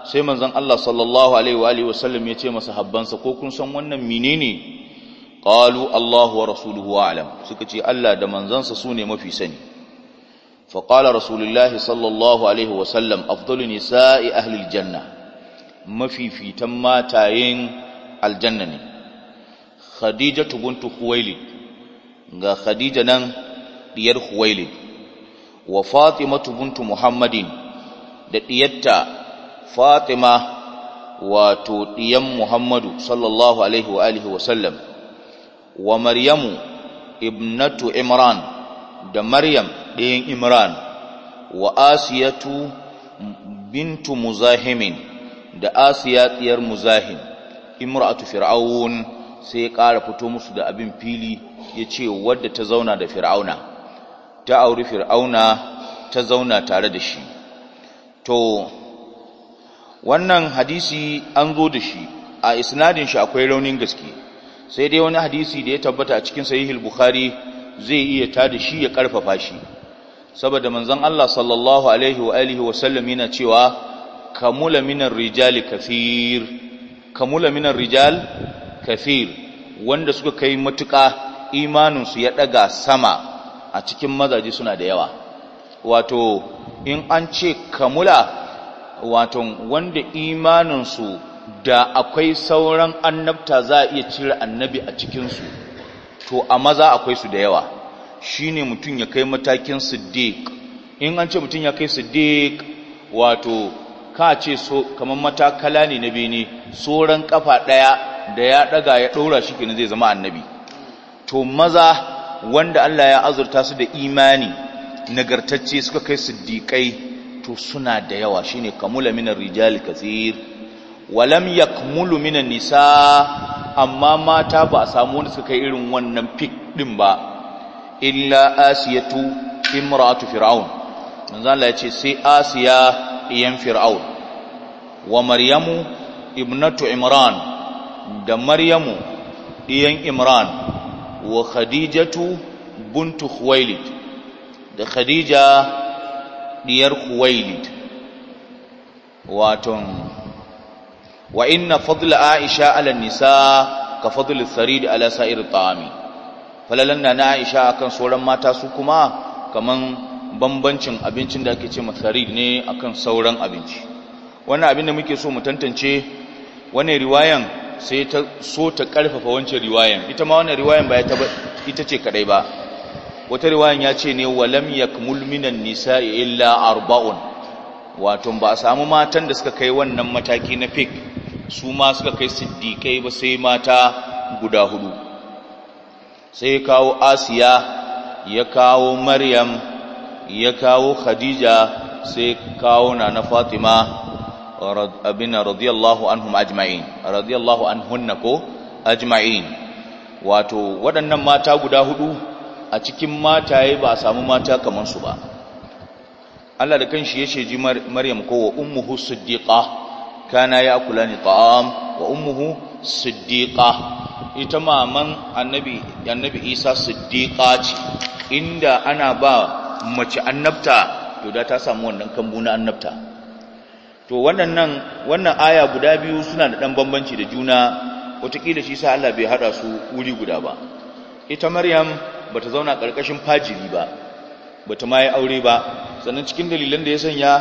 sai manzon Allah sallallahu alaihi wa alihi wa sallam ya ce masahabbansa ko kun san wannan menene qalu Allahu wa rasuluhu a'lam suka ce Allah da manzansa sune mafi sani فقال رسول الله صلى الله عليه وسلم أفضل نساء أهل الجنة ما في في تما تاين الجنة خديجة بنت خويلد غا خديجة نان ديار خويلد وفاطمة بنت محمد da diyarta Fatima wato diyan Muhammadu sallallahu alaihi wa alihi wa sallam wa Maryamu ibnatu Imran da maryam ɗayan imran wa asiyatu bintu muzahimin da asiya tsiyar muzahim Imratu fir'aun sai ya ƙara fito musu da abin fili ya ce wadda ta zauna da fir'auna ta auri fir'auna ta zauna tare da shi to wannan hadisi an zo da shi a isnadin shi akwai raunin gaske sai dai wani hadisi da ya tabbata a cikin sahihul bukhari zai iya tada shi ya karfafa shi saboda manzon Allah sallallahu alaihi wa alihi wa sallam yana cewa kamula minar rijal kaseer kamula minar rijal kaseer wanda suka kai matuƙa imanin su ya daga sama a cikin mazaje suna da yawa wato in an ce kamula wato wanda imanin su da akwai sauran annabta za a iya cire annabi a cikinsu to a maza akwai su da yawa shine mutum ya kai matakin siddiq in an ce mutum ya kai siddiq wato ka ce so kamar matakala ne na bene soran kafa daya da ya daga ya daura shi kenan zai zama annabi to maza wanda Allah ya azurta su da imani nagartacce suka kai siddiqai to suna da yawa shine kamula minar rijal kaseer walam yakmulu minan nisa amma mata ba a samu wanda suka irin wannan fik din ba illa asiyatu imra'atu fir'aun manzo Allah sai asiya iyan fir'aun wa maryamu ibnatu imran da maryamu iyan imran wa khadijatu buntu khuwailid da khadija diyar khuwailid waton wa inna fadla aisha ala nisa ka fadli sarid ala sa'ir ta'ami falalan na aisha akan sauran mata su kuma kaman bambancin abincin da ake ce sarid ne akan sauran abinci wannan abin da muke so mu tantance wannan riwayan sai ta so ta karfafa wancan riwayan ita ma wannan riwayan ba ita ce kadai ba wata riwayan ya ce ne walam yakmul minan nisa'i illa arba'un wato ba a samu matan da suka kai wannan mataki na fik su ma suka kai siddiƙai ba sai mata guda hudu sai ya kawo asiya ya kawo maryam ya kawo khadija sai kawo na na fatima abin radiyallahu anhum ajma'in radiyallahu anhunna ko ajma'in wato waɗannan mata guda hudu a cikin mataye ba a samu mata kamar su ba Allah da kan ya ce ji Maryam ko wa ummuhu siddiqah kana ya akulani ta'am wa umuhu, siddiqa ita maman annabi annabi Isa siddiqa ce inda ana ba mace annabta to da ta samu wannan kambu na annabta to wannan nan wannan aya guda biyu suna da dan bambanci da juna wataƙila shi sa Allah bai hada su wuri guda ba ita Maryam bata zauna ƙarƙashin fajiri ba bata ma yi aure ba sannan cikin dalilan da ya sanya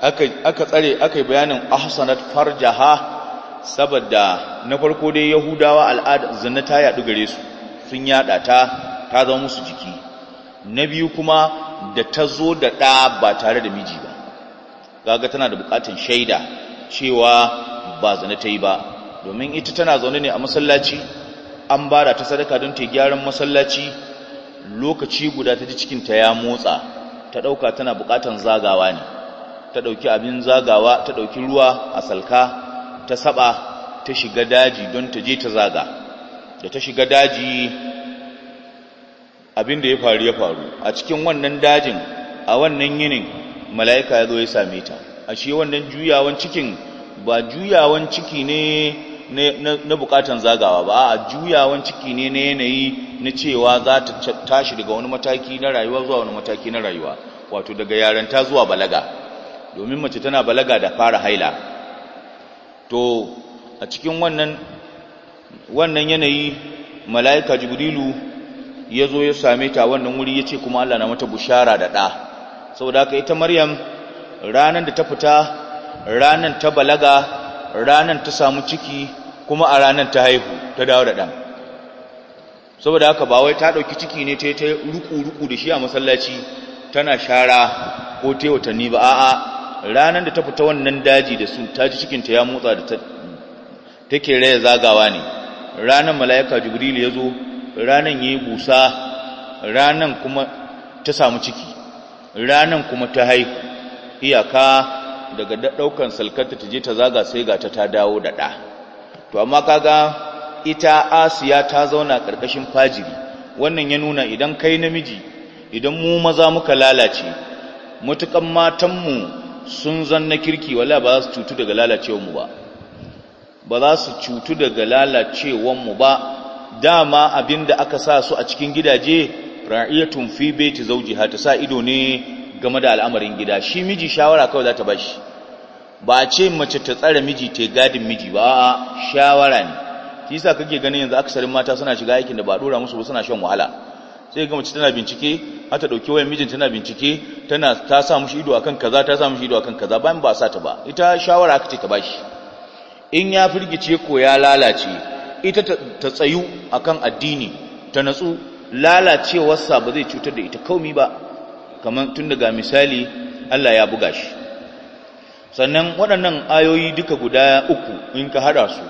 aka tsare aka yi bayanin ahsanat farjaha saboda na farko dai yahudawa al'ada zinna ta yadu gare su sun yada ta ta zama musu jiki na biyu kuma da ta zo da ɗa ba tare da miji ba gaga tana da bukatun shaida cewa ba zana ta yi ba domin ita tana zaune ne a masallaci an ba da ta sadaka don ta gyaran masallaci lokaci guda ta ji cikinta ya motsa ta ɗauka tana bukatan zagawa ne ta ɗauki abin zagawa ta ɗauki ruwa a salka ta saba ta shiga daji don ta je ta zaga da ta shiga daji abin da ya faru ya faru a cikin wannan dajin a wannan yinin mala'ika ya zo ya same ta a shi wannan juyawan cikin ba juyawan ciki ne na bukatan zagawa ba a juyawan ciki ne na yanayi na cewa za ta tashi daga wani mataki na rayuwa zuwa wani mataki na rayuwa wato daga yaranta zuwa balaga domin mace tana balaga da fara haila to a cikin wannan wannan yanayi mala'ika jibrilu ya zo ya same ta wannan wuri ya ce kuma Allah na mata bushara da ɗa saboda haka ita maryam ranar da ta fita ranar ta balaga ranar ta samu ciki kuma a ranar ta haihu ta dawo da ɗan saboda haka ba wai ta ɗauki ciki ne ta yi ta ruku-ruku da shi a masallaci tana shara ko ta yi watanni ba a'a ranar da ta fita wannan daji da su ta ji cikinta ya motsa da ta take raya zagawa ne ranar mala'ika jibril ya zo ranar ya yi busa ranar kuma ta samu ciki ranar kuma ta haihu iyaka daga ɗaukan salkarta ta je ta zaga sai ga ta ta dawo da ɗa to amma kaga ita asiya ta zauna ƙarƙashin fajiri wannan ya nuna idan kai namiji idan mu maza muka lalace mutukan matanmu sun zanna kirki wala ba za su cutu daga lalacewanmu ba ba za su cutu daga lalacewanmu ba dama abinda aka sa su a cikin gidaje ra'iyatun fi baiti ha ta sa ido ne game da al'amarin gida shi miji shawara kawai za ta bashi ba a ce mace ta tsare miji ta gadin miji ba a shawara ne kisa kake ganin yanzu akasarin mata suna shiga aikin da ba dora musu ba suna shan wahala sai ga mace tana bincike har ta dauki wayan mijin tana bincike tana ta sa mushi ido akan kaza ta sa mushi ido akan kaza bayan ba sa ta ba ita shawara aka ce ta bashi in ya firgice ko ya lalace ita ta tsayu akan addini ta natsu sa ba zai cutar da ita kaumi ba kamar tun daga misali Allah ya buga shi sannan waɗannan ayoyi duka guda uku in ka hada su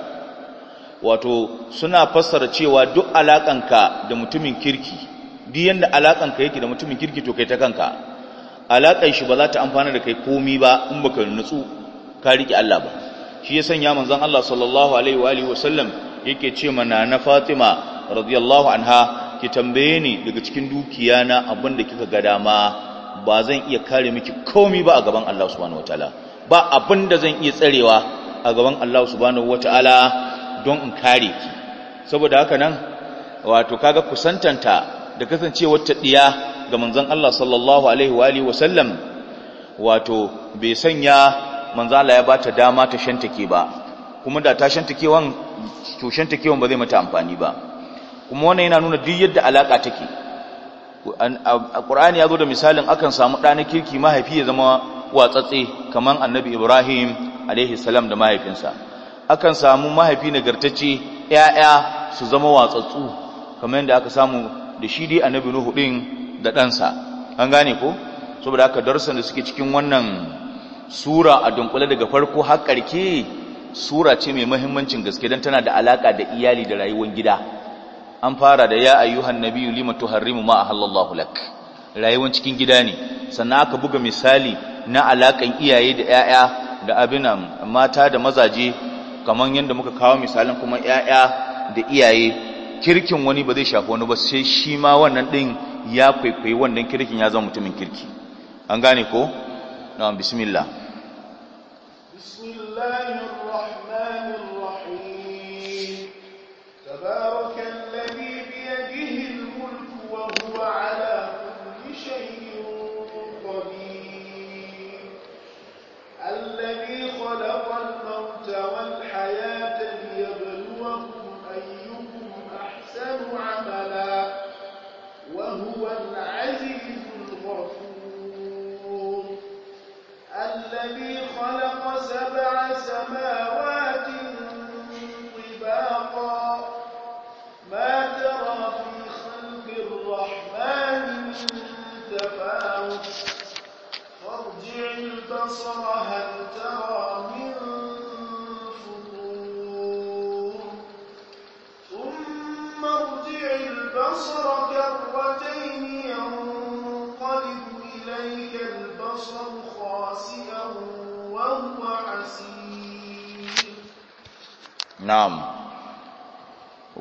wato suna fassara cewa duk alakanka da mutumin kirki duk yanda alakan ka yake da mutumin kirki to kai ta kanka alakan shi ba za ta amfana da kai komi ba in baka nutsu ka rike Allah ba shi ya sanya manzon Allah sallallahu alaihi wa alihi wasallam yake ce mana na Fatima radiyallahu anha ki tambaye ni daga cikin dukiya na da kika ga dama ba zan iya kare miki komi ba a gaban Allah subhanahu wataala ba da zan iya tsarewa a gaban Allah subhanahu wataala don in kare ki saboda haka nan wato kaga kusantanta da kasancewar ta ɗiya ga manzon Allah sallallahu alaihi wa alihi wato bai sanya manzo Allah ya bata dama ta shantake ba kuma da ta shantakewan to shantakewan ba zai mata amfani ba kuma wannan yana nuna duk yadda alaka take ƙurani ya zo da misalin akan samu na kirki mahaifi ya zama watsatse kaman Annabi Ibrahim alaihi salam da mahaifinsa akan samu mahaifi nagartacce ƴaƴa su zama watsatsu kamar yadda aka samu da shi dai annabi nuhu din da ɗansa an gane ko saboda haka darsan da suke cikin wannan sura a dunkule daga farko har sura ce mai muhimmancin gaske don tana da alaƙa da iyali da rayuwar gida an fara da ya ayyuhan nabiyyu lima tuharrimu ma ahallallahu lak rayuwar cikin gida ne sannan aka buga misali na alaƙan iyaye da 'ya'ya da abin mata da mazaje kamar yadda muka kawo misalin kuma 'ya'ya da iyaye kirkin wani ba zai shafi wani ba sai shi ma wannan ɗin ya kwaikwayi wannan kirkin ya zama mutumin kirki an gane ko na bismillah bismillahirrahmanirrahim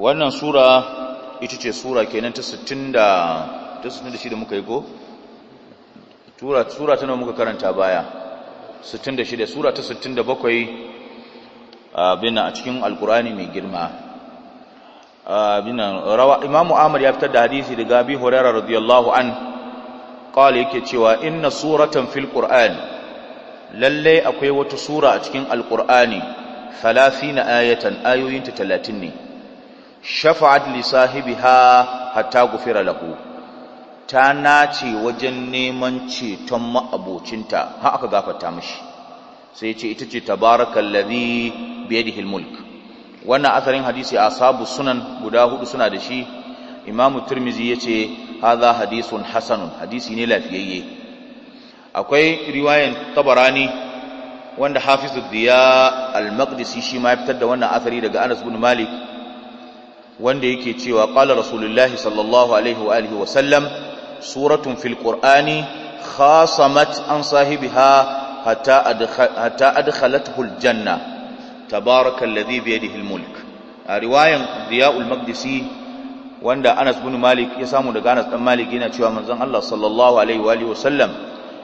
wannan sura ita ce sura kenan ta 66 da muka yi ko sura ta nan muka karanta baya 66 sura ta 67 abin a cikin alkurani mai girma abin rawa imamu amur ya fitar da hadisi daga abi horera radiyallahu an kawai yake cewa ina suratan fil qur'an lalle akwai wata sura a cikin alqur'ani 30 ayatan ayoyinta 30 ne shafa'at li sahibiha hatta gufira lahu ta nace wajen neman ceton ma'abocinta har aka gafarta mishi sai ya ce ita ce tabarakallazi biyadihi almulk wannan asarin hadisi asabu sunan guda hudu suna da shi imamu tirmizi ya ce haza hadisun hasanun hadisi ne lafiyayye akwai riwayan tabarani wanda hafizu diya al-maqdisi shi ma ya fitar da wannan asari daga anas bin malik wanda yake cewa qala rasulullahi sallallahu alaihi wa alihi wa sallam suratun fil qur'ani khasamat an sahibiha hatta hatta adkhalathu janna tabarakallazi bi yadihi al mulk a riwayan diya'ul maqdisi wanda Anas bin Malik ya samu daga Anas dan Malik yana cewa manzon Allah sallallahu alaihi wa alihi wa sallam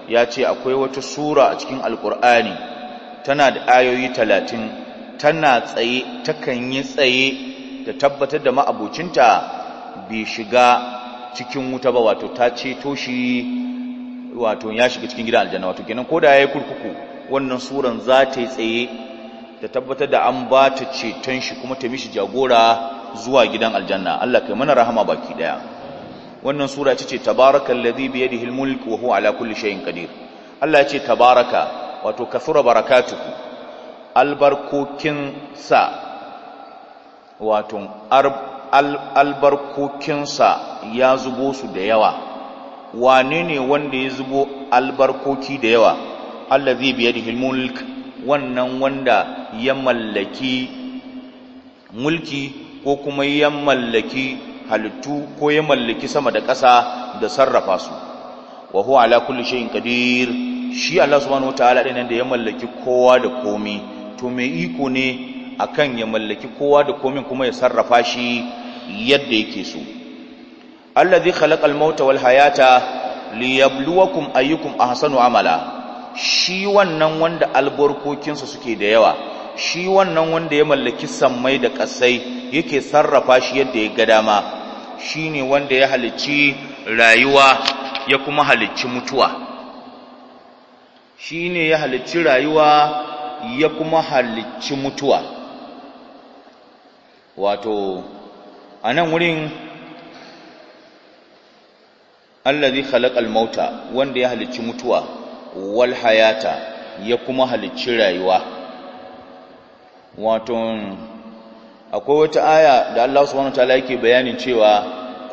ya ce akwai wata sura a cikin alqur'ani tana da ayoyi talatin tana tsaye takan yi tsaye ta tabbatar da ma'abocinta bai shiga cikin wuta ba wato ta ce toshi wato ya shiga cikin gidan aljanna wato kenan ko da yi kurkuku wannan suran za ta yi tsaye ta tabbatar da an ba ta ceton shi kuma ta mishi jagora zuwa gidan aljanna Allah kai mana rahama baki daya wannan sura ce ce tabarakallazi bi yadihi almulk wa huwa ala kulli shay'in qadir Allah ya ce tabaraka wato kasura barakatuhu albarkokin sa wato albarkokinsa ya zubo su da yawa wane ne wanda ya zubo albarkoki da yawa allazi biyadihi biya wannan wanda ya mallaki mulki ko kuma ya mallaki halittu ko ya mallaki sama da ƙasa da sarrafa su wa huwa ala kulli shay'in qadir shi Allah subhanahu wataala din da ya mallaki kowa da komi, to mai iko ne akan ya mallaki kowa da komin kuma ya sarrafa shi yadda yake so allazi khalaqal mauta wal hayata liyabluwakum ayyukum ahsanu amala shi wannan wanda albarkokinsa suke da yawa shi wannan wanda ya mallaki sammai da kasai yake sarrafa shi yadda ya ga dama shine wanda ya halicci rayuwa ya kuma halicci mutuwa shine ya halicci rayuwa ya kuma halicci mutuwa wato a nan wurin allazi khalaqal mauta wanda ya halicci mutuwa wal hayata ya kuma halicci rayuwa wato akwai wata aya da Allah subhanahu wataala yake bayanin cewa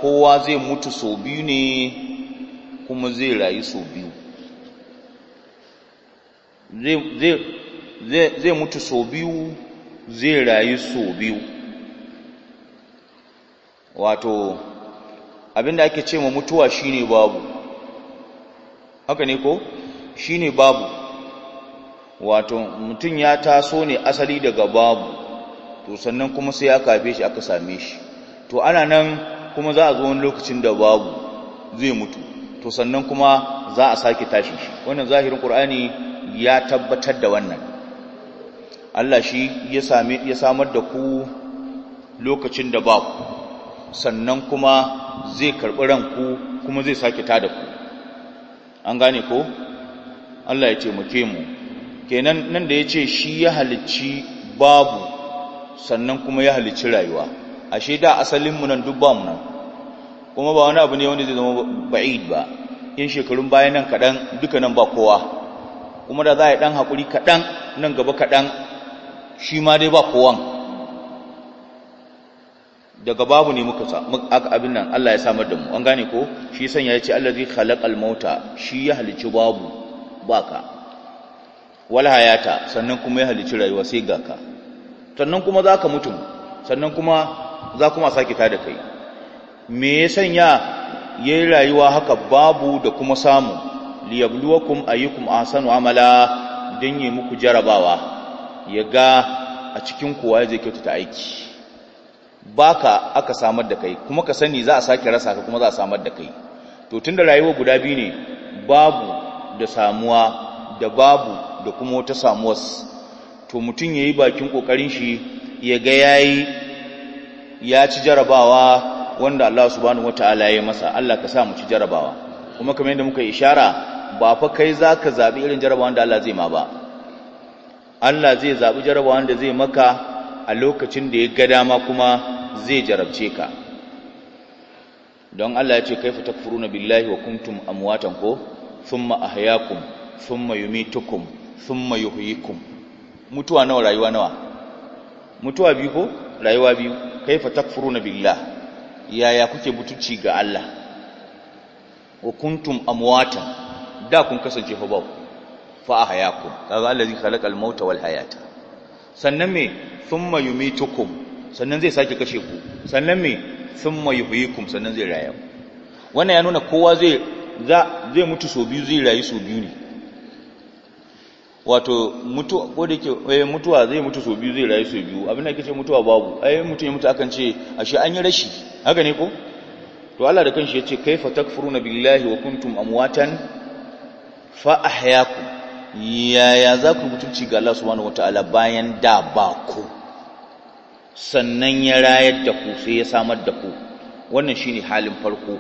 kowa zai mutu so biyu ne kuma zai rayu so biyu zai mutu so biyu zai rayu so biyu wato abinda ake ce ma mutuwa shine babu haka ne ko shine babu wato mutum ya taso ne asali daga babu to sannan kuma sai ya kafe shi aka same shi to ana nan kuma za a zo wani lokacin da babu zai mutu to sannan kuma za a sake tashi shi wannan zahirin qur'ani ya tabbatar da wannan Allah shi ya ya samar da ku lokacin da babu sannan kuma zai karɓi ranku kuma zai sake tada ku an gane ko Allah ya taimake mu kenan nan da ya ce shi ya halicci babu sannan kuma ya halicci rayuwa ashe da asalinmu nan duk bamu nan kuma ba wani abu ne wanda zai zama ba'id ba in shekarun bayan nan kaɗan duka nan ba kowa kuma da za a yi ɗan haƙuri kaɗan nan gaba kaɗan shi ma dai ba kowan daga babu ne muka sa aka abin nan Allah ya samar da mu an gane ko shi san ya ce allazi khalaqal mauta shi ya halici babu baka wal hayata sannan kuma ya halici rayuwa sai ga ka sannan kuma za ka mutu sannan kuma za kuma sake ta da kai me ya sanya yayi rayuwa haka babu da kuma samu liyabluwakum ayyukum ahsanu amala dan yi muku jarabawa ya ga a cikin kowa zai kyautata aiki baka aka samar da kai kuma ka sani za a sake rasa ka kuma za a samar da kai to tunda rayuwa guda biyu ne babu da samuwa da babu da kuma wata samuwas, to mutum yayi bakin kokarin shi ya ga yayi ya ci jarabawa wanda Allah subhanahu wataala ya masa Allah ka sa mu ci jarabawa kuma kamar yadda muka ishara ba fa kai zaka zabi irin jarabawan da Allah zai ma ba Allah zai zabi jarabawan da zai maka a lokacin da ya ga dama kuma zai jarabce ka don Allah ya ce kaifa takfuruna billahi wa kuntum muwatan ko Sun ahyaakum sun yumitukum sun yuhyikum mutuwa nawa rayuwa nawa mutuwa biyu ko rayuwa biyu kaifa takfuruna billah yaya kuke butuci ga Allah wa kuntum muwatan. da kun kasance fa ba fa ahyaakum kaga allazi mauta wal hayata sannan me mayu yumitukum sannan zai sake kashe ku sannan me mayu yuhyikum sannan zai raya ku wannan ya nuna kowa zai mutu so biyu zai rayu so biyu ne wato mutuwa ko da eh, mutuwa zai mutu so biyu zai rayu so biyu abin da ce mutuwa babu ai mutu ya mutu akan ce ashe an yi rashi haka ne ko to Allah da kanshi ya ce, kaifa takfuruna billahi wa kuntum amwatan fa ahyaakum yaya za ku mutunci ga Allah subhanahu ta'ala bayan da ba ku sannan ya rayar da ku sai ya samar da ku wannan shine halin farko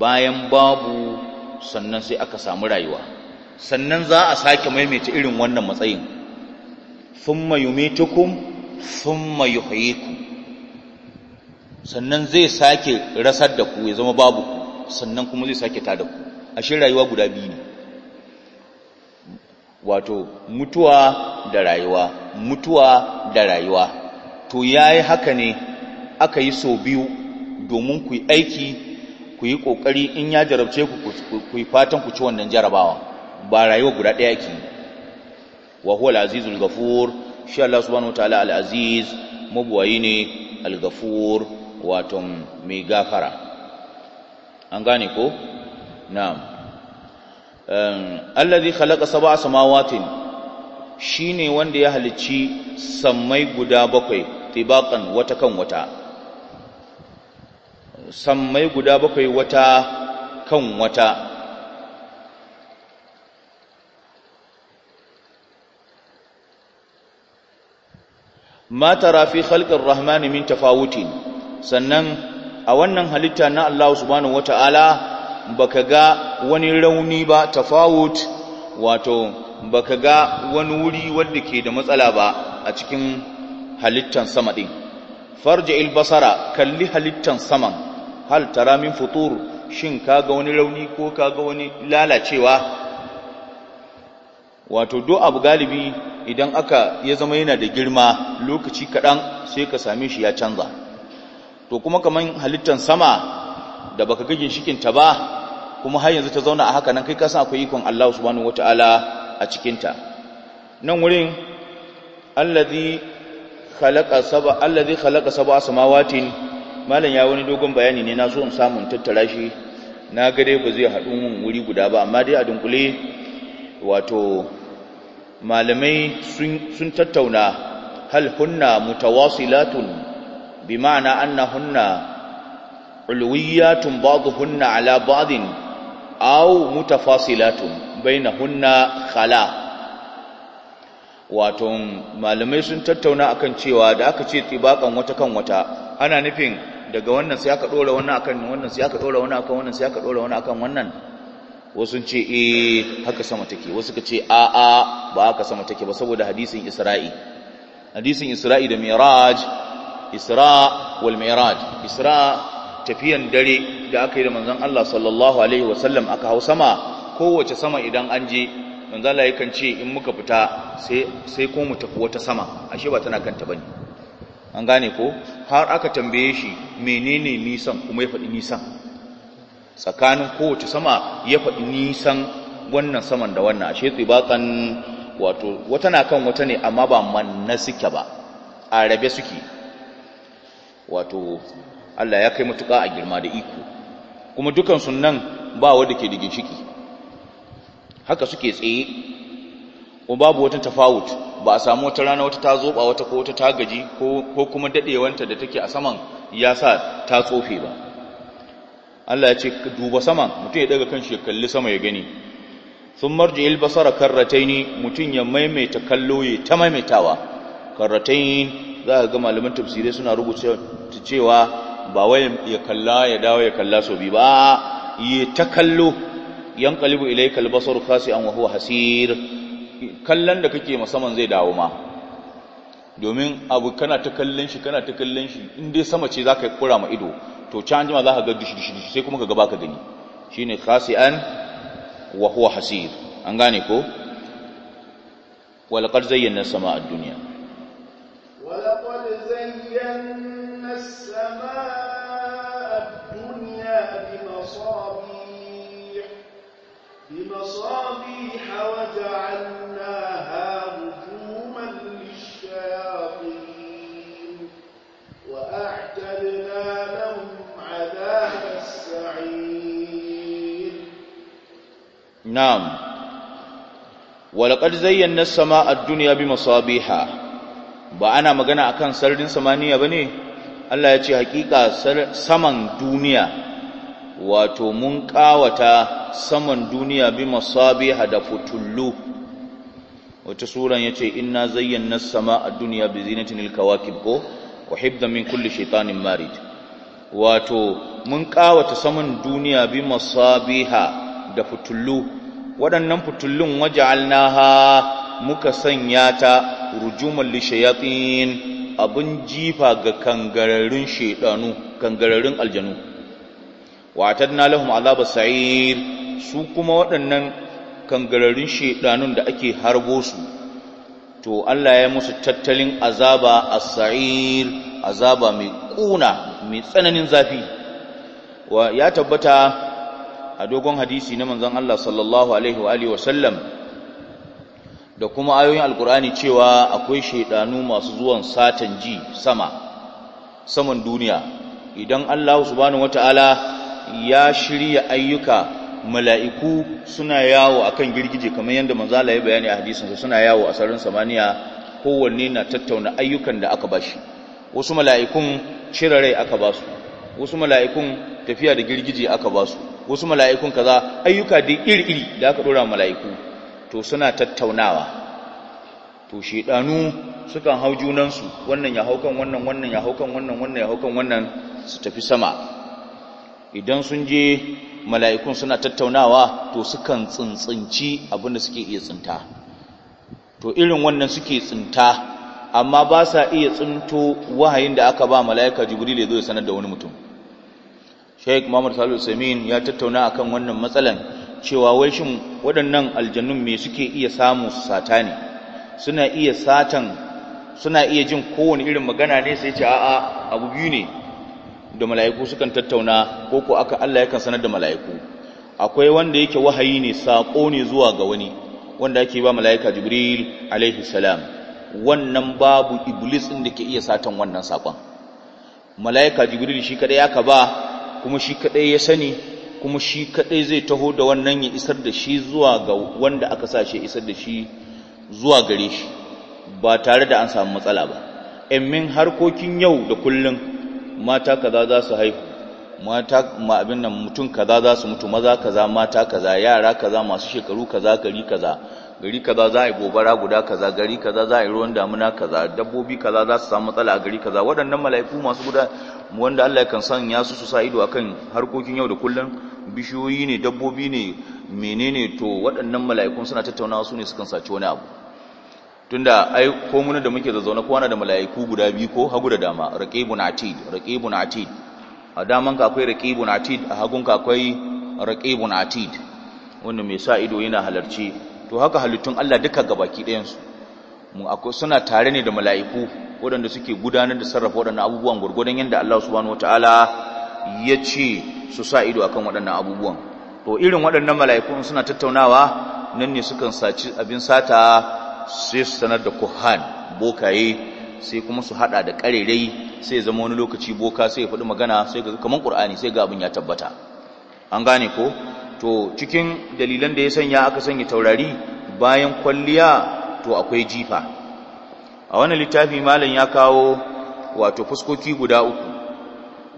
bayan babu sannan sai aka samu rayuwa sannan za a sake maimaita irin wannan matsayin thumma yumitukum thumma yuhyikum sannan zai sake rasar da ku ya zama babu sannan kuma zai sake tada ku ashe rayuwa guda biyu ne wato mutuwa da rayuwa mutuwa da rayuwa to yayi haka ne aka yi so biyu domin ku aiki ku yi kokari in ya jarabce ku ku yi fatan ku ci wannan jarabawa ba rayuwa guda ɗaya yake wa huwa al-azizul ghafur shi Allah subhanahu ta'ala al-aziz mabwayi ne al-ghafur wato mai gafara an gane ko na'am Um, allazi khalaqa sab'a samawatin shine wanda ya halicci sammai guda bakwai tibaqan wata kan wata sammai guda bakwai wata kan wata ma tara fi khalqir rahmani min tafawutin sannan a wannan halitta na Allah subhanahu wataala baka ga wani rauni ba tafawut wato baka ga wani wuri wanda ke da matsala ba a cikin halittan sama din farja basara kalli halittan saman hal tara min futur shin kaga wani rauni ko kaga wani lalacewa wato do abu galibi idan aka ya zama yana da girma lokaci kaɗan sai ka same shi ya canza to kuma kaman halittan sama da baka ga ginshikin ta ba kuma har yanzu ta zauna a haka nan kai ka san akwai ikon Allah subhanahu wataala a cikin ta nan wurin allazi khalaqa sab'a allazi khalaqa sab'a samawati malam ya wani dogon bayani ne na so in samu tattara shi na ga dai ba zai haɗu mun wuri guda ba amma dai a dunkule wato malamai sun tattauna hal hunna mutawasilatun bi ma'ana annahunna uluwiyatun ba'dhunna ala badin aw mutafasilatun bainahunna khala wato malamai sun tattauna akan cewa da aka ce tibakan wata kan wata ana nufin daga wannan sai aka dora wannan akan wannan sai aka dora wannan akan wannan sai aka dora wannan akan wannan wasu ce eh haka sama take wasu ka ce a a ba haka sama take ba saboda hadisin Isra'i hadisin Isra'i da Miraj Isra wal Miraj Isra tafiyan dare da aka yi da manzon Allah sallallahu alaihi wasallam aka hau sama kowace sama idan an je manzon Allah yakan ce in muka fita sai sai ko mu tafi wata sama ashe ba tana kanta bane an gane ko har aka tambaye shi menene nisan kuma ya faɗi nisan tsakanin kowace sama ya faɗi nisan wannan saman da wannan ashe tibatan wato wata na kan wata ne amma ba manna suke ba arabe suke wato Allah ya kai matuƙa a girma da iko kuma dukansu nan ba wanda ke da ginshiki haka suke tsaye kuma babu wata tafawut ba a samu wata rana wata ta zoɓa wata ko wata ta gaji ko kuma dadewanta da take a saman ya sa ta tsofe ba Allah ya ce duba saman, mutum ya daga kan ya kalli sama ya gani sun marji ilbasara karrataini mutum ya maimaita kallo ya ta maimaitawa karrataini za a ga malaman tafsirai suna rubuta cewa ba wai ya kalla ya dawo ya kalla so bi ba ya ta kallo yanqalibu ilayka albasaru khasi'an wa huwa hasir kallon da kake musamman zai dawo ma domin abu kana ta kallon shi kana ta kallon shi in dai sama ce zaka kura ma ido to can jima zaka ga dushi-dushi-dushi, sai kuma ka ga baka gani shine khasi'an wa huwa hasir an gane ko laqad zayyana sama'a ad-dunya بمصابيح وجعلناها رجوما للشياطين وأعتدنا لهم عذاب السعير نعم ولقد زينا السماء الدنيا بمصابيح ba ana magana akan sararin samaniya bane Allah ya ce hakika saman duniya wato mun ƙawata saman duniya bi masabiha da futullu wato suran ya inna zayyana sama a duniya bi zinatin al-kawakib ko uhibda min kulli shaytanin marid wato mun ƙawata saman duniya bi masabiha da futullu waɗannan futullun waja'alnaha muka sanya ta rujuman lishayatin abin jifa ga kangararin kangararin aljanu wa tadna lahum azabus sa'ir su kuma waɗannan kangararin shedanun da ake harbo su to Allah ya musu tattalin azaba as-sa'ir azaba mai kuna mai tsananin zafi wa ya tabbata a dogon hadisi na manzon Allah sallallahu alaihi wa alihi wa sallam da kuma ayoyin alkur'ani cewa akwai shaidanu masu zuwan satan ji sama saman duniya idan Allah subhanahu wataala ya shirya ayyuka mala'iku suna yawo a kan girgije kamar yadda manzala ya bayani a hadisinsa suna yawo a sararin samaniya kowanne na tattauna ayyukan da aka bashi wasu mala'ikun cire rai aka su. wasu mala'ikun tafiya da girgije aka ba su. wasu mala'ikun kaza ayyuka da iri-iri da aka ɗora mala'iku to suna tattaunawa to shedanu sukan hau junansu wannan ya haukan wannan wannan ya haukan wannan wannan ya haukan wannan su tafi sama idan sun je mala'ikun suna tattaunawa to sukan tsintsinci abinda suke iya tsinta to irin wannan suke tsinta amma ba sa iya tsinto wahayin da aka ba mala'ika jibril ya zo ya sanar da wani mutum sheik mamar salu samin ya tattauna akan wannan matsalan cewa wai shin waɗannan aljannun me suke iya samu su sata ne suna iya satan suna iya jin kowane irin magana ne sai ce a'a abu biyu ne da mala'iku sukan tattauna ko ko aka Allah yakan sanar da mala'iku akwai wanda yake wahayi ne sako ne zuwa ga wani wanda ake ba mala'ika jibril alaihi salam wannan babu iblis din da ke iya satan wannan sakon mala'ika jibril shi kadai aka ba kuma shi kadai ya sani kuma shi kadai zai taho da wannan ya isar da shi zuwa ga wanda aka sa shi isar da shi zuwa gare shi ba tare da an samu matsala ba emmin harkokin yau da kullun mata kaza za su haihu mata ma abin nan mutum kaza za su mutu maza kaza mata kaza yara kaza masu shekaru kaza gari kaza gari kaza za a yi gobara guda kaza gari kaza za a yi ruwan damuna kaza dabbobi kaza za su samu matsala a gari kaza waɗannan mala'iku masu guda wanda Allah ya kan ya su su sa ido akan harkokin yau da kullun bishiyoyi ne dabbobi ne menene to waɗannan mala'ikun suna tattaunawa su ne kan saci wani abu tunda ai ko mun da muke zazzauna ko wani da mala'iku guda biyu ko hagu da dama raqibun atid raqibun atid a daman ka akwai raqibun atid a hagun ka akwai raqibun atid wanda mai sa ido yana halarci to haka halittun Allah duka gabaki ɗayan su mu akwai suna tare ne da mala'iku waɗanda suke gudanar da sarrafa waɗannan abubuwan gurgurdan yanda Allah subhanahu wataala ya ce su sa ido akan waɗannan abubuwan to irin waɗannan mala'iku suna tattaunawa nan ne sukan saci abin sata sai su sanar da kuhan bokaye sai kuma su hada da karerai sai zama wani lokaci boka sai ya faɗi magana sai ga kaman ƙur'ani, sai ga abin ya tabbata an gane ko to cikin dalilan da ya sanya aka sanya taurari bayan kwalliya to akwai jifa a wannan littafi malam ya kawo wato fuskoki guda uku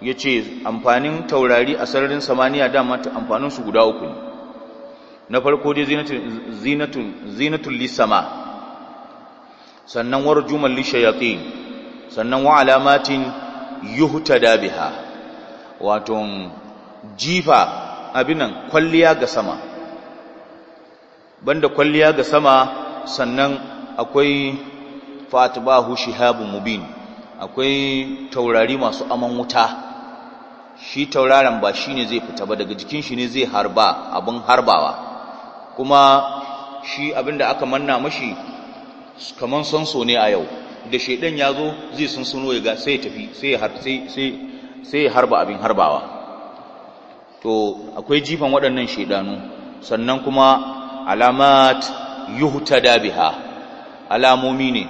ya ce amfanin taurari a sararin samaniya dama amfanin su guda uku ne na farko dai zinatun lissama sannan warjuman lishayatin sannan wa alamatin yuhtada biha wato jifa abinan kwalliya ga sama banda kwalliya ga sama sannan akwai fatbahu shihabun mubin akwai taurari masu aman wuta shi tauraran ba shine ne zai fita ba daga jikin shi ne zai harba abin harbawa kuma shi abinda aka manna mashi kaman sanso ne a yau da shaidan ya zo zai suno ya ga sai ya tafi sai ya harba abin harbawa to akwai jifan waɗannan shaidanu sannan kuma alamat yuhtada biha alamomi ne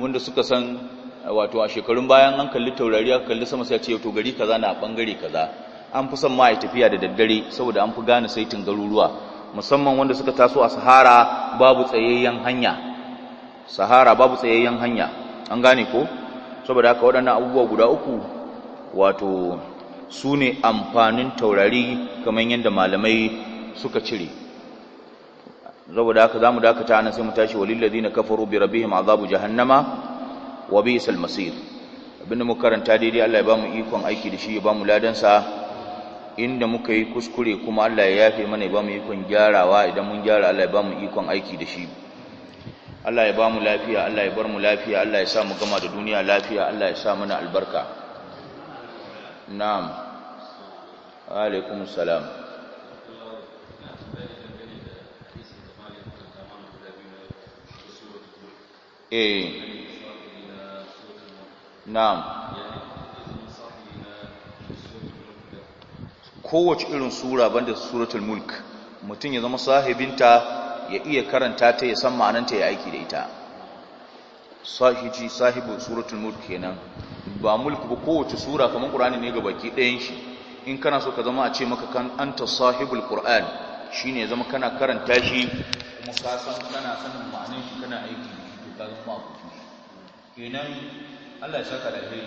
wanda suka san wato a shekarun bayan an kalli taurari aka kalli sama sai ce to gari kaza na bangare kaza an fi son ma a tafiya da daddare saboda an fi gane saitin garuruwa musamman wanda suka taso a sahara babu tsayayyen hanya sahara babu tsayayyen hanya an gane ko saboda haka waɗannan abubuwa guda uku wato su ne amfanin taurari kamar yadda malamai suka cire saboda haka za mu dakata ana sai mu tashi walillazi na kafaru bi rabihim azabu jahannama wa bi'sal masir abinda muka karanta daidai Allah ya bamu ikon aiki da shi ya bamu ladan sa inda muka yi kuskure kuma Allah ya yafe mana ya bamu ikon gyarawa idan mun gyara Allah ya bamu ikon aiki da shi Allah ya ba mu lafiya Allah ya bar mu lafiya Allah ya sa mu gama da duniya lafiya Allah ya sa mana albarka na'am alaikum salam eh na'am kowace irin sura banda suratul mulk mutum ya zama sahibinta ya iya karanta ta ya san ma'ananta ya aiki da ita sahiji sahibu suratul mulk kenan ba mulk ba kowace sura kamar qur'ani ne gabaki ɗayan shi in kana so ka zama a ce maka kan anta sahibul qur'an shine ya zama kana karanta shi kuma ka san kana sanin ma'anar shi kana aiki da shi to ka zama kenan Allah ya saka da kai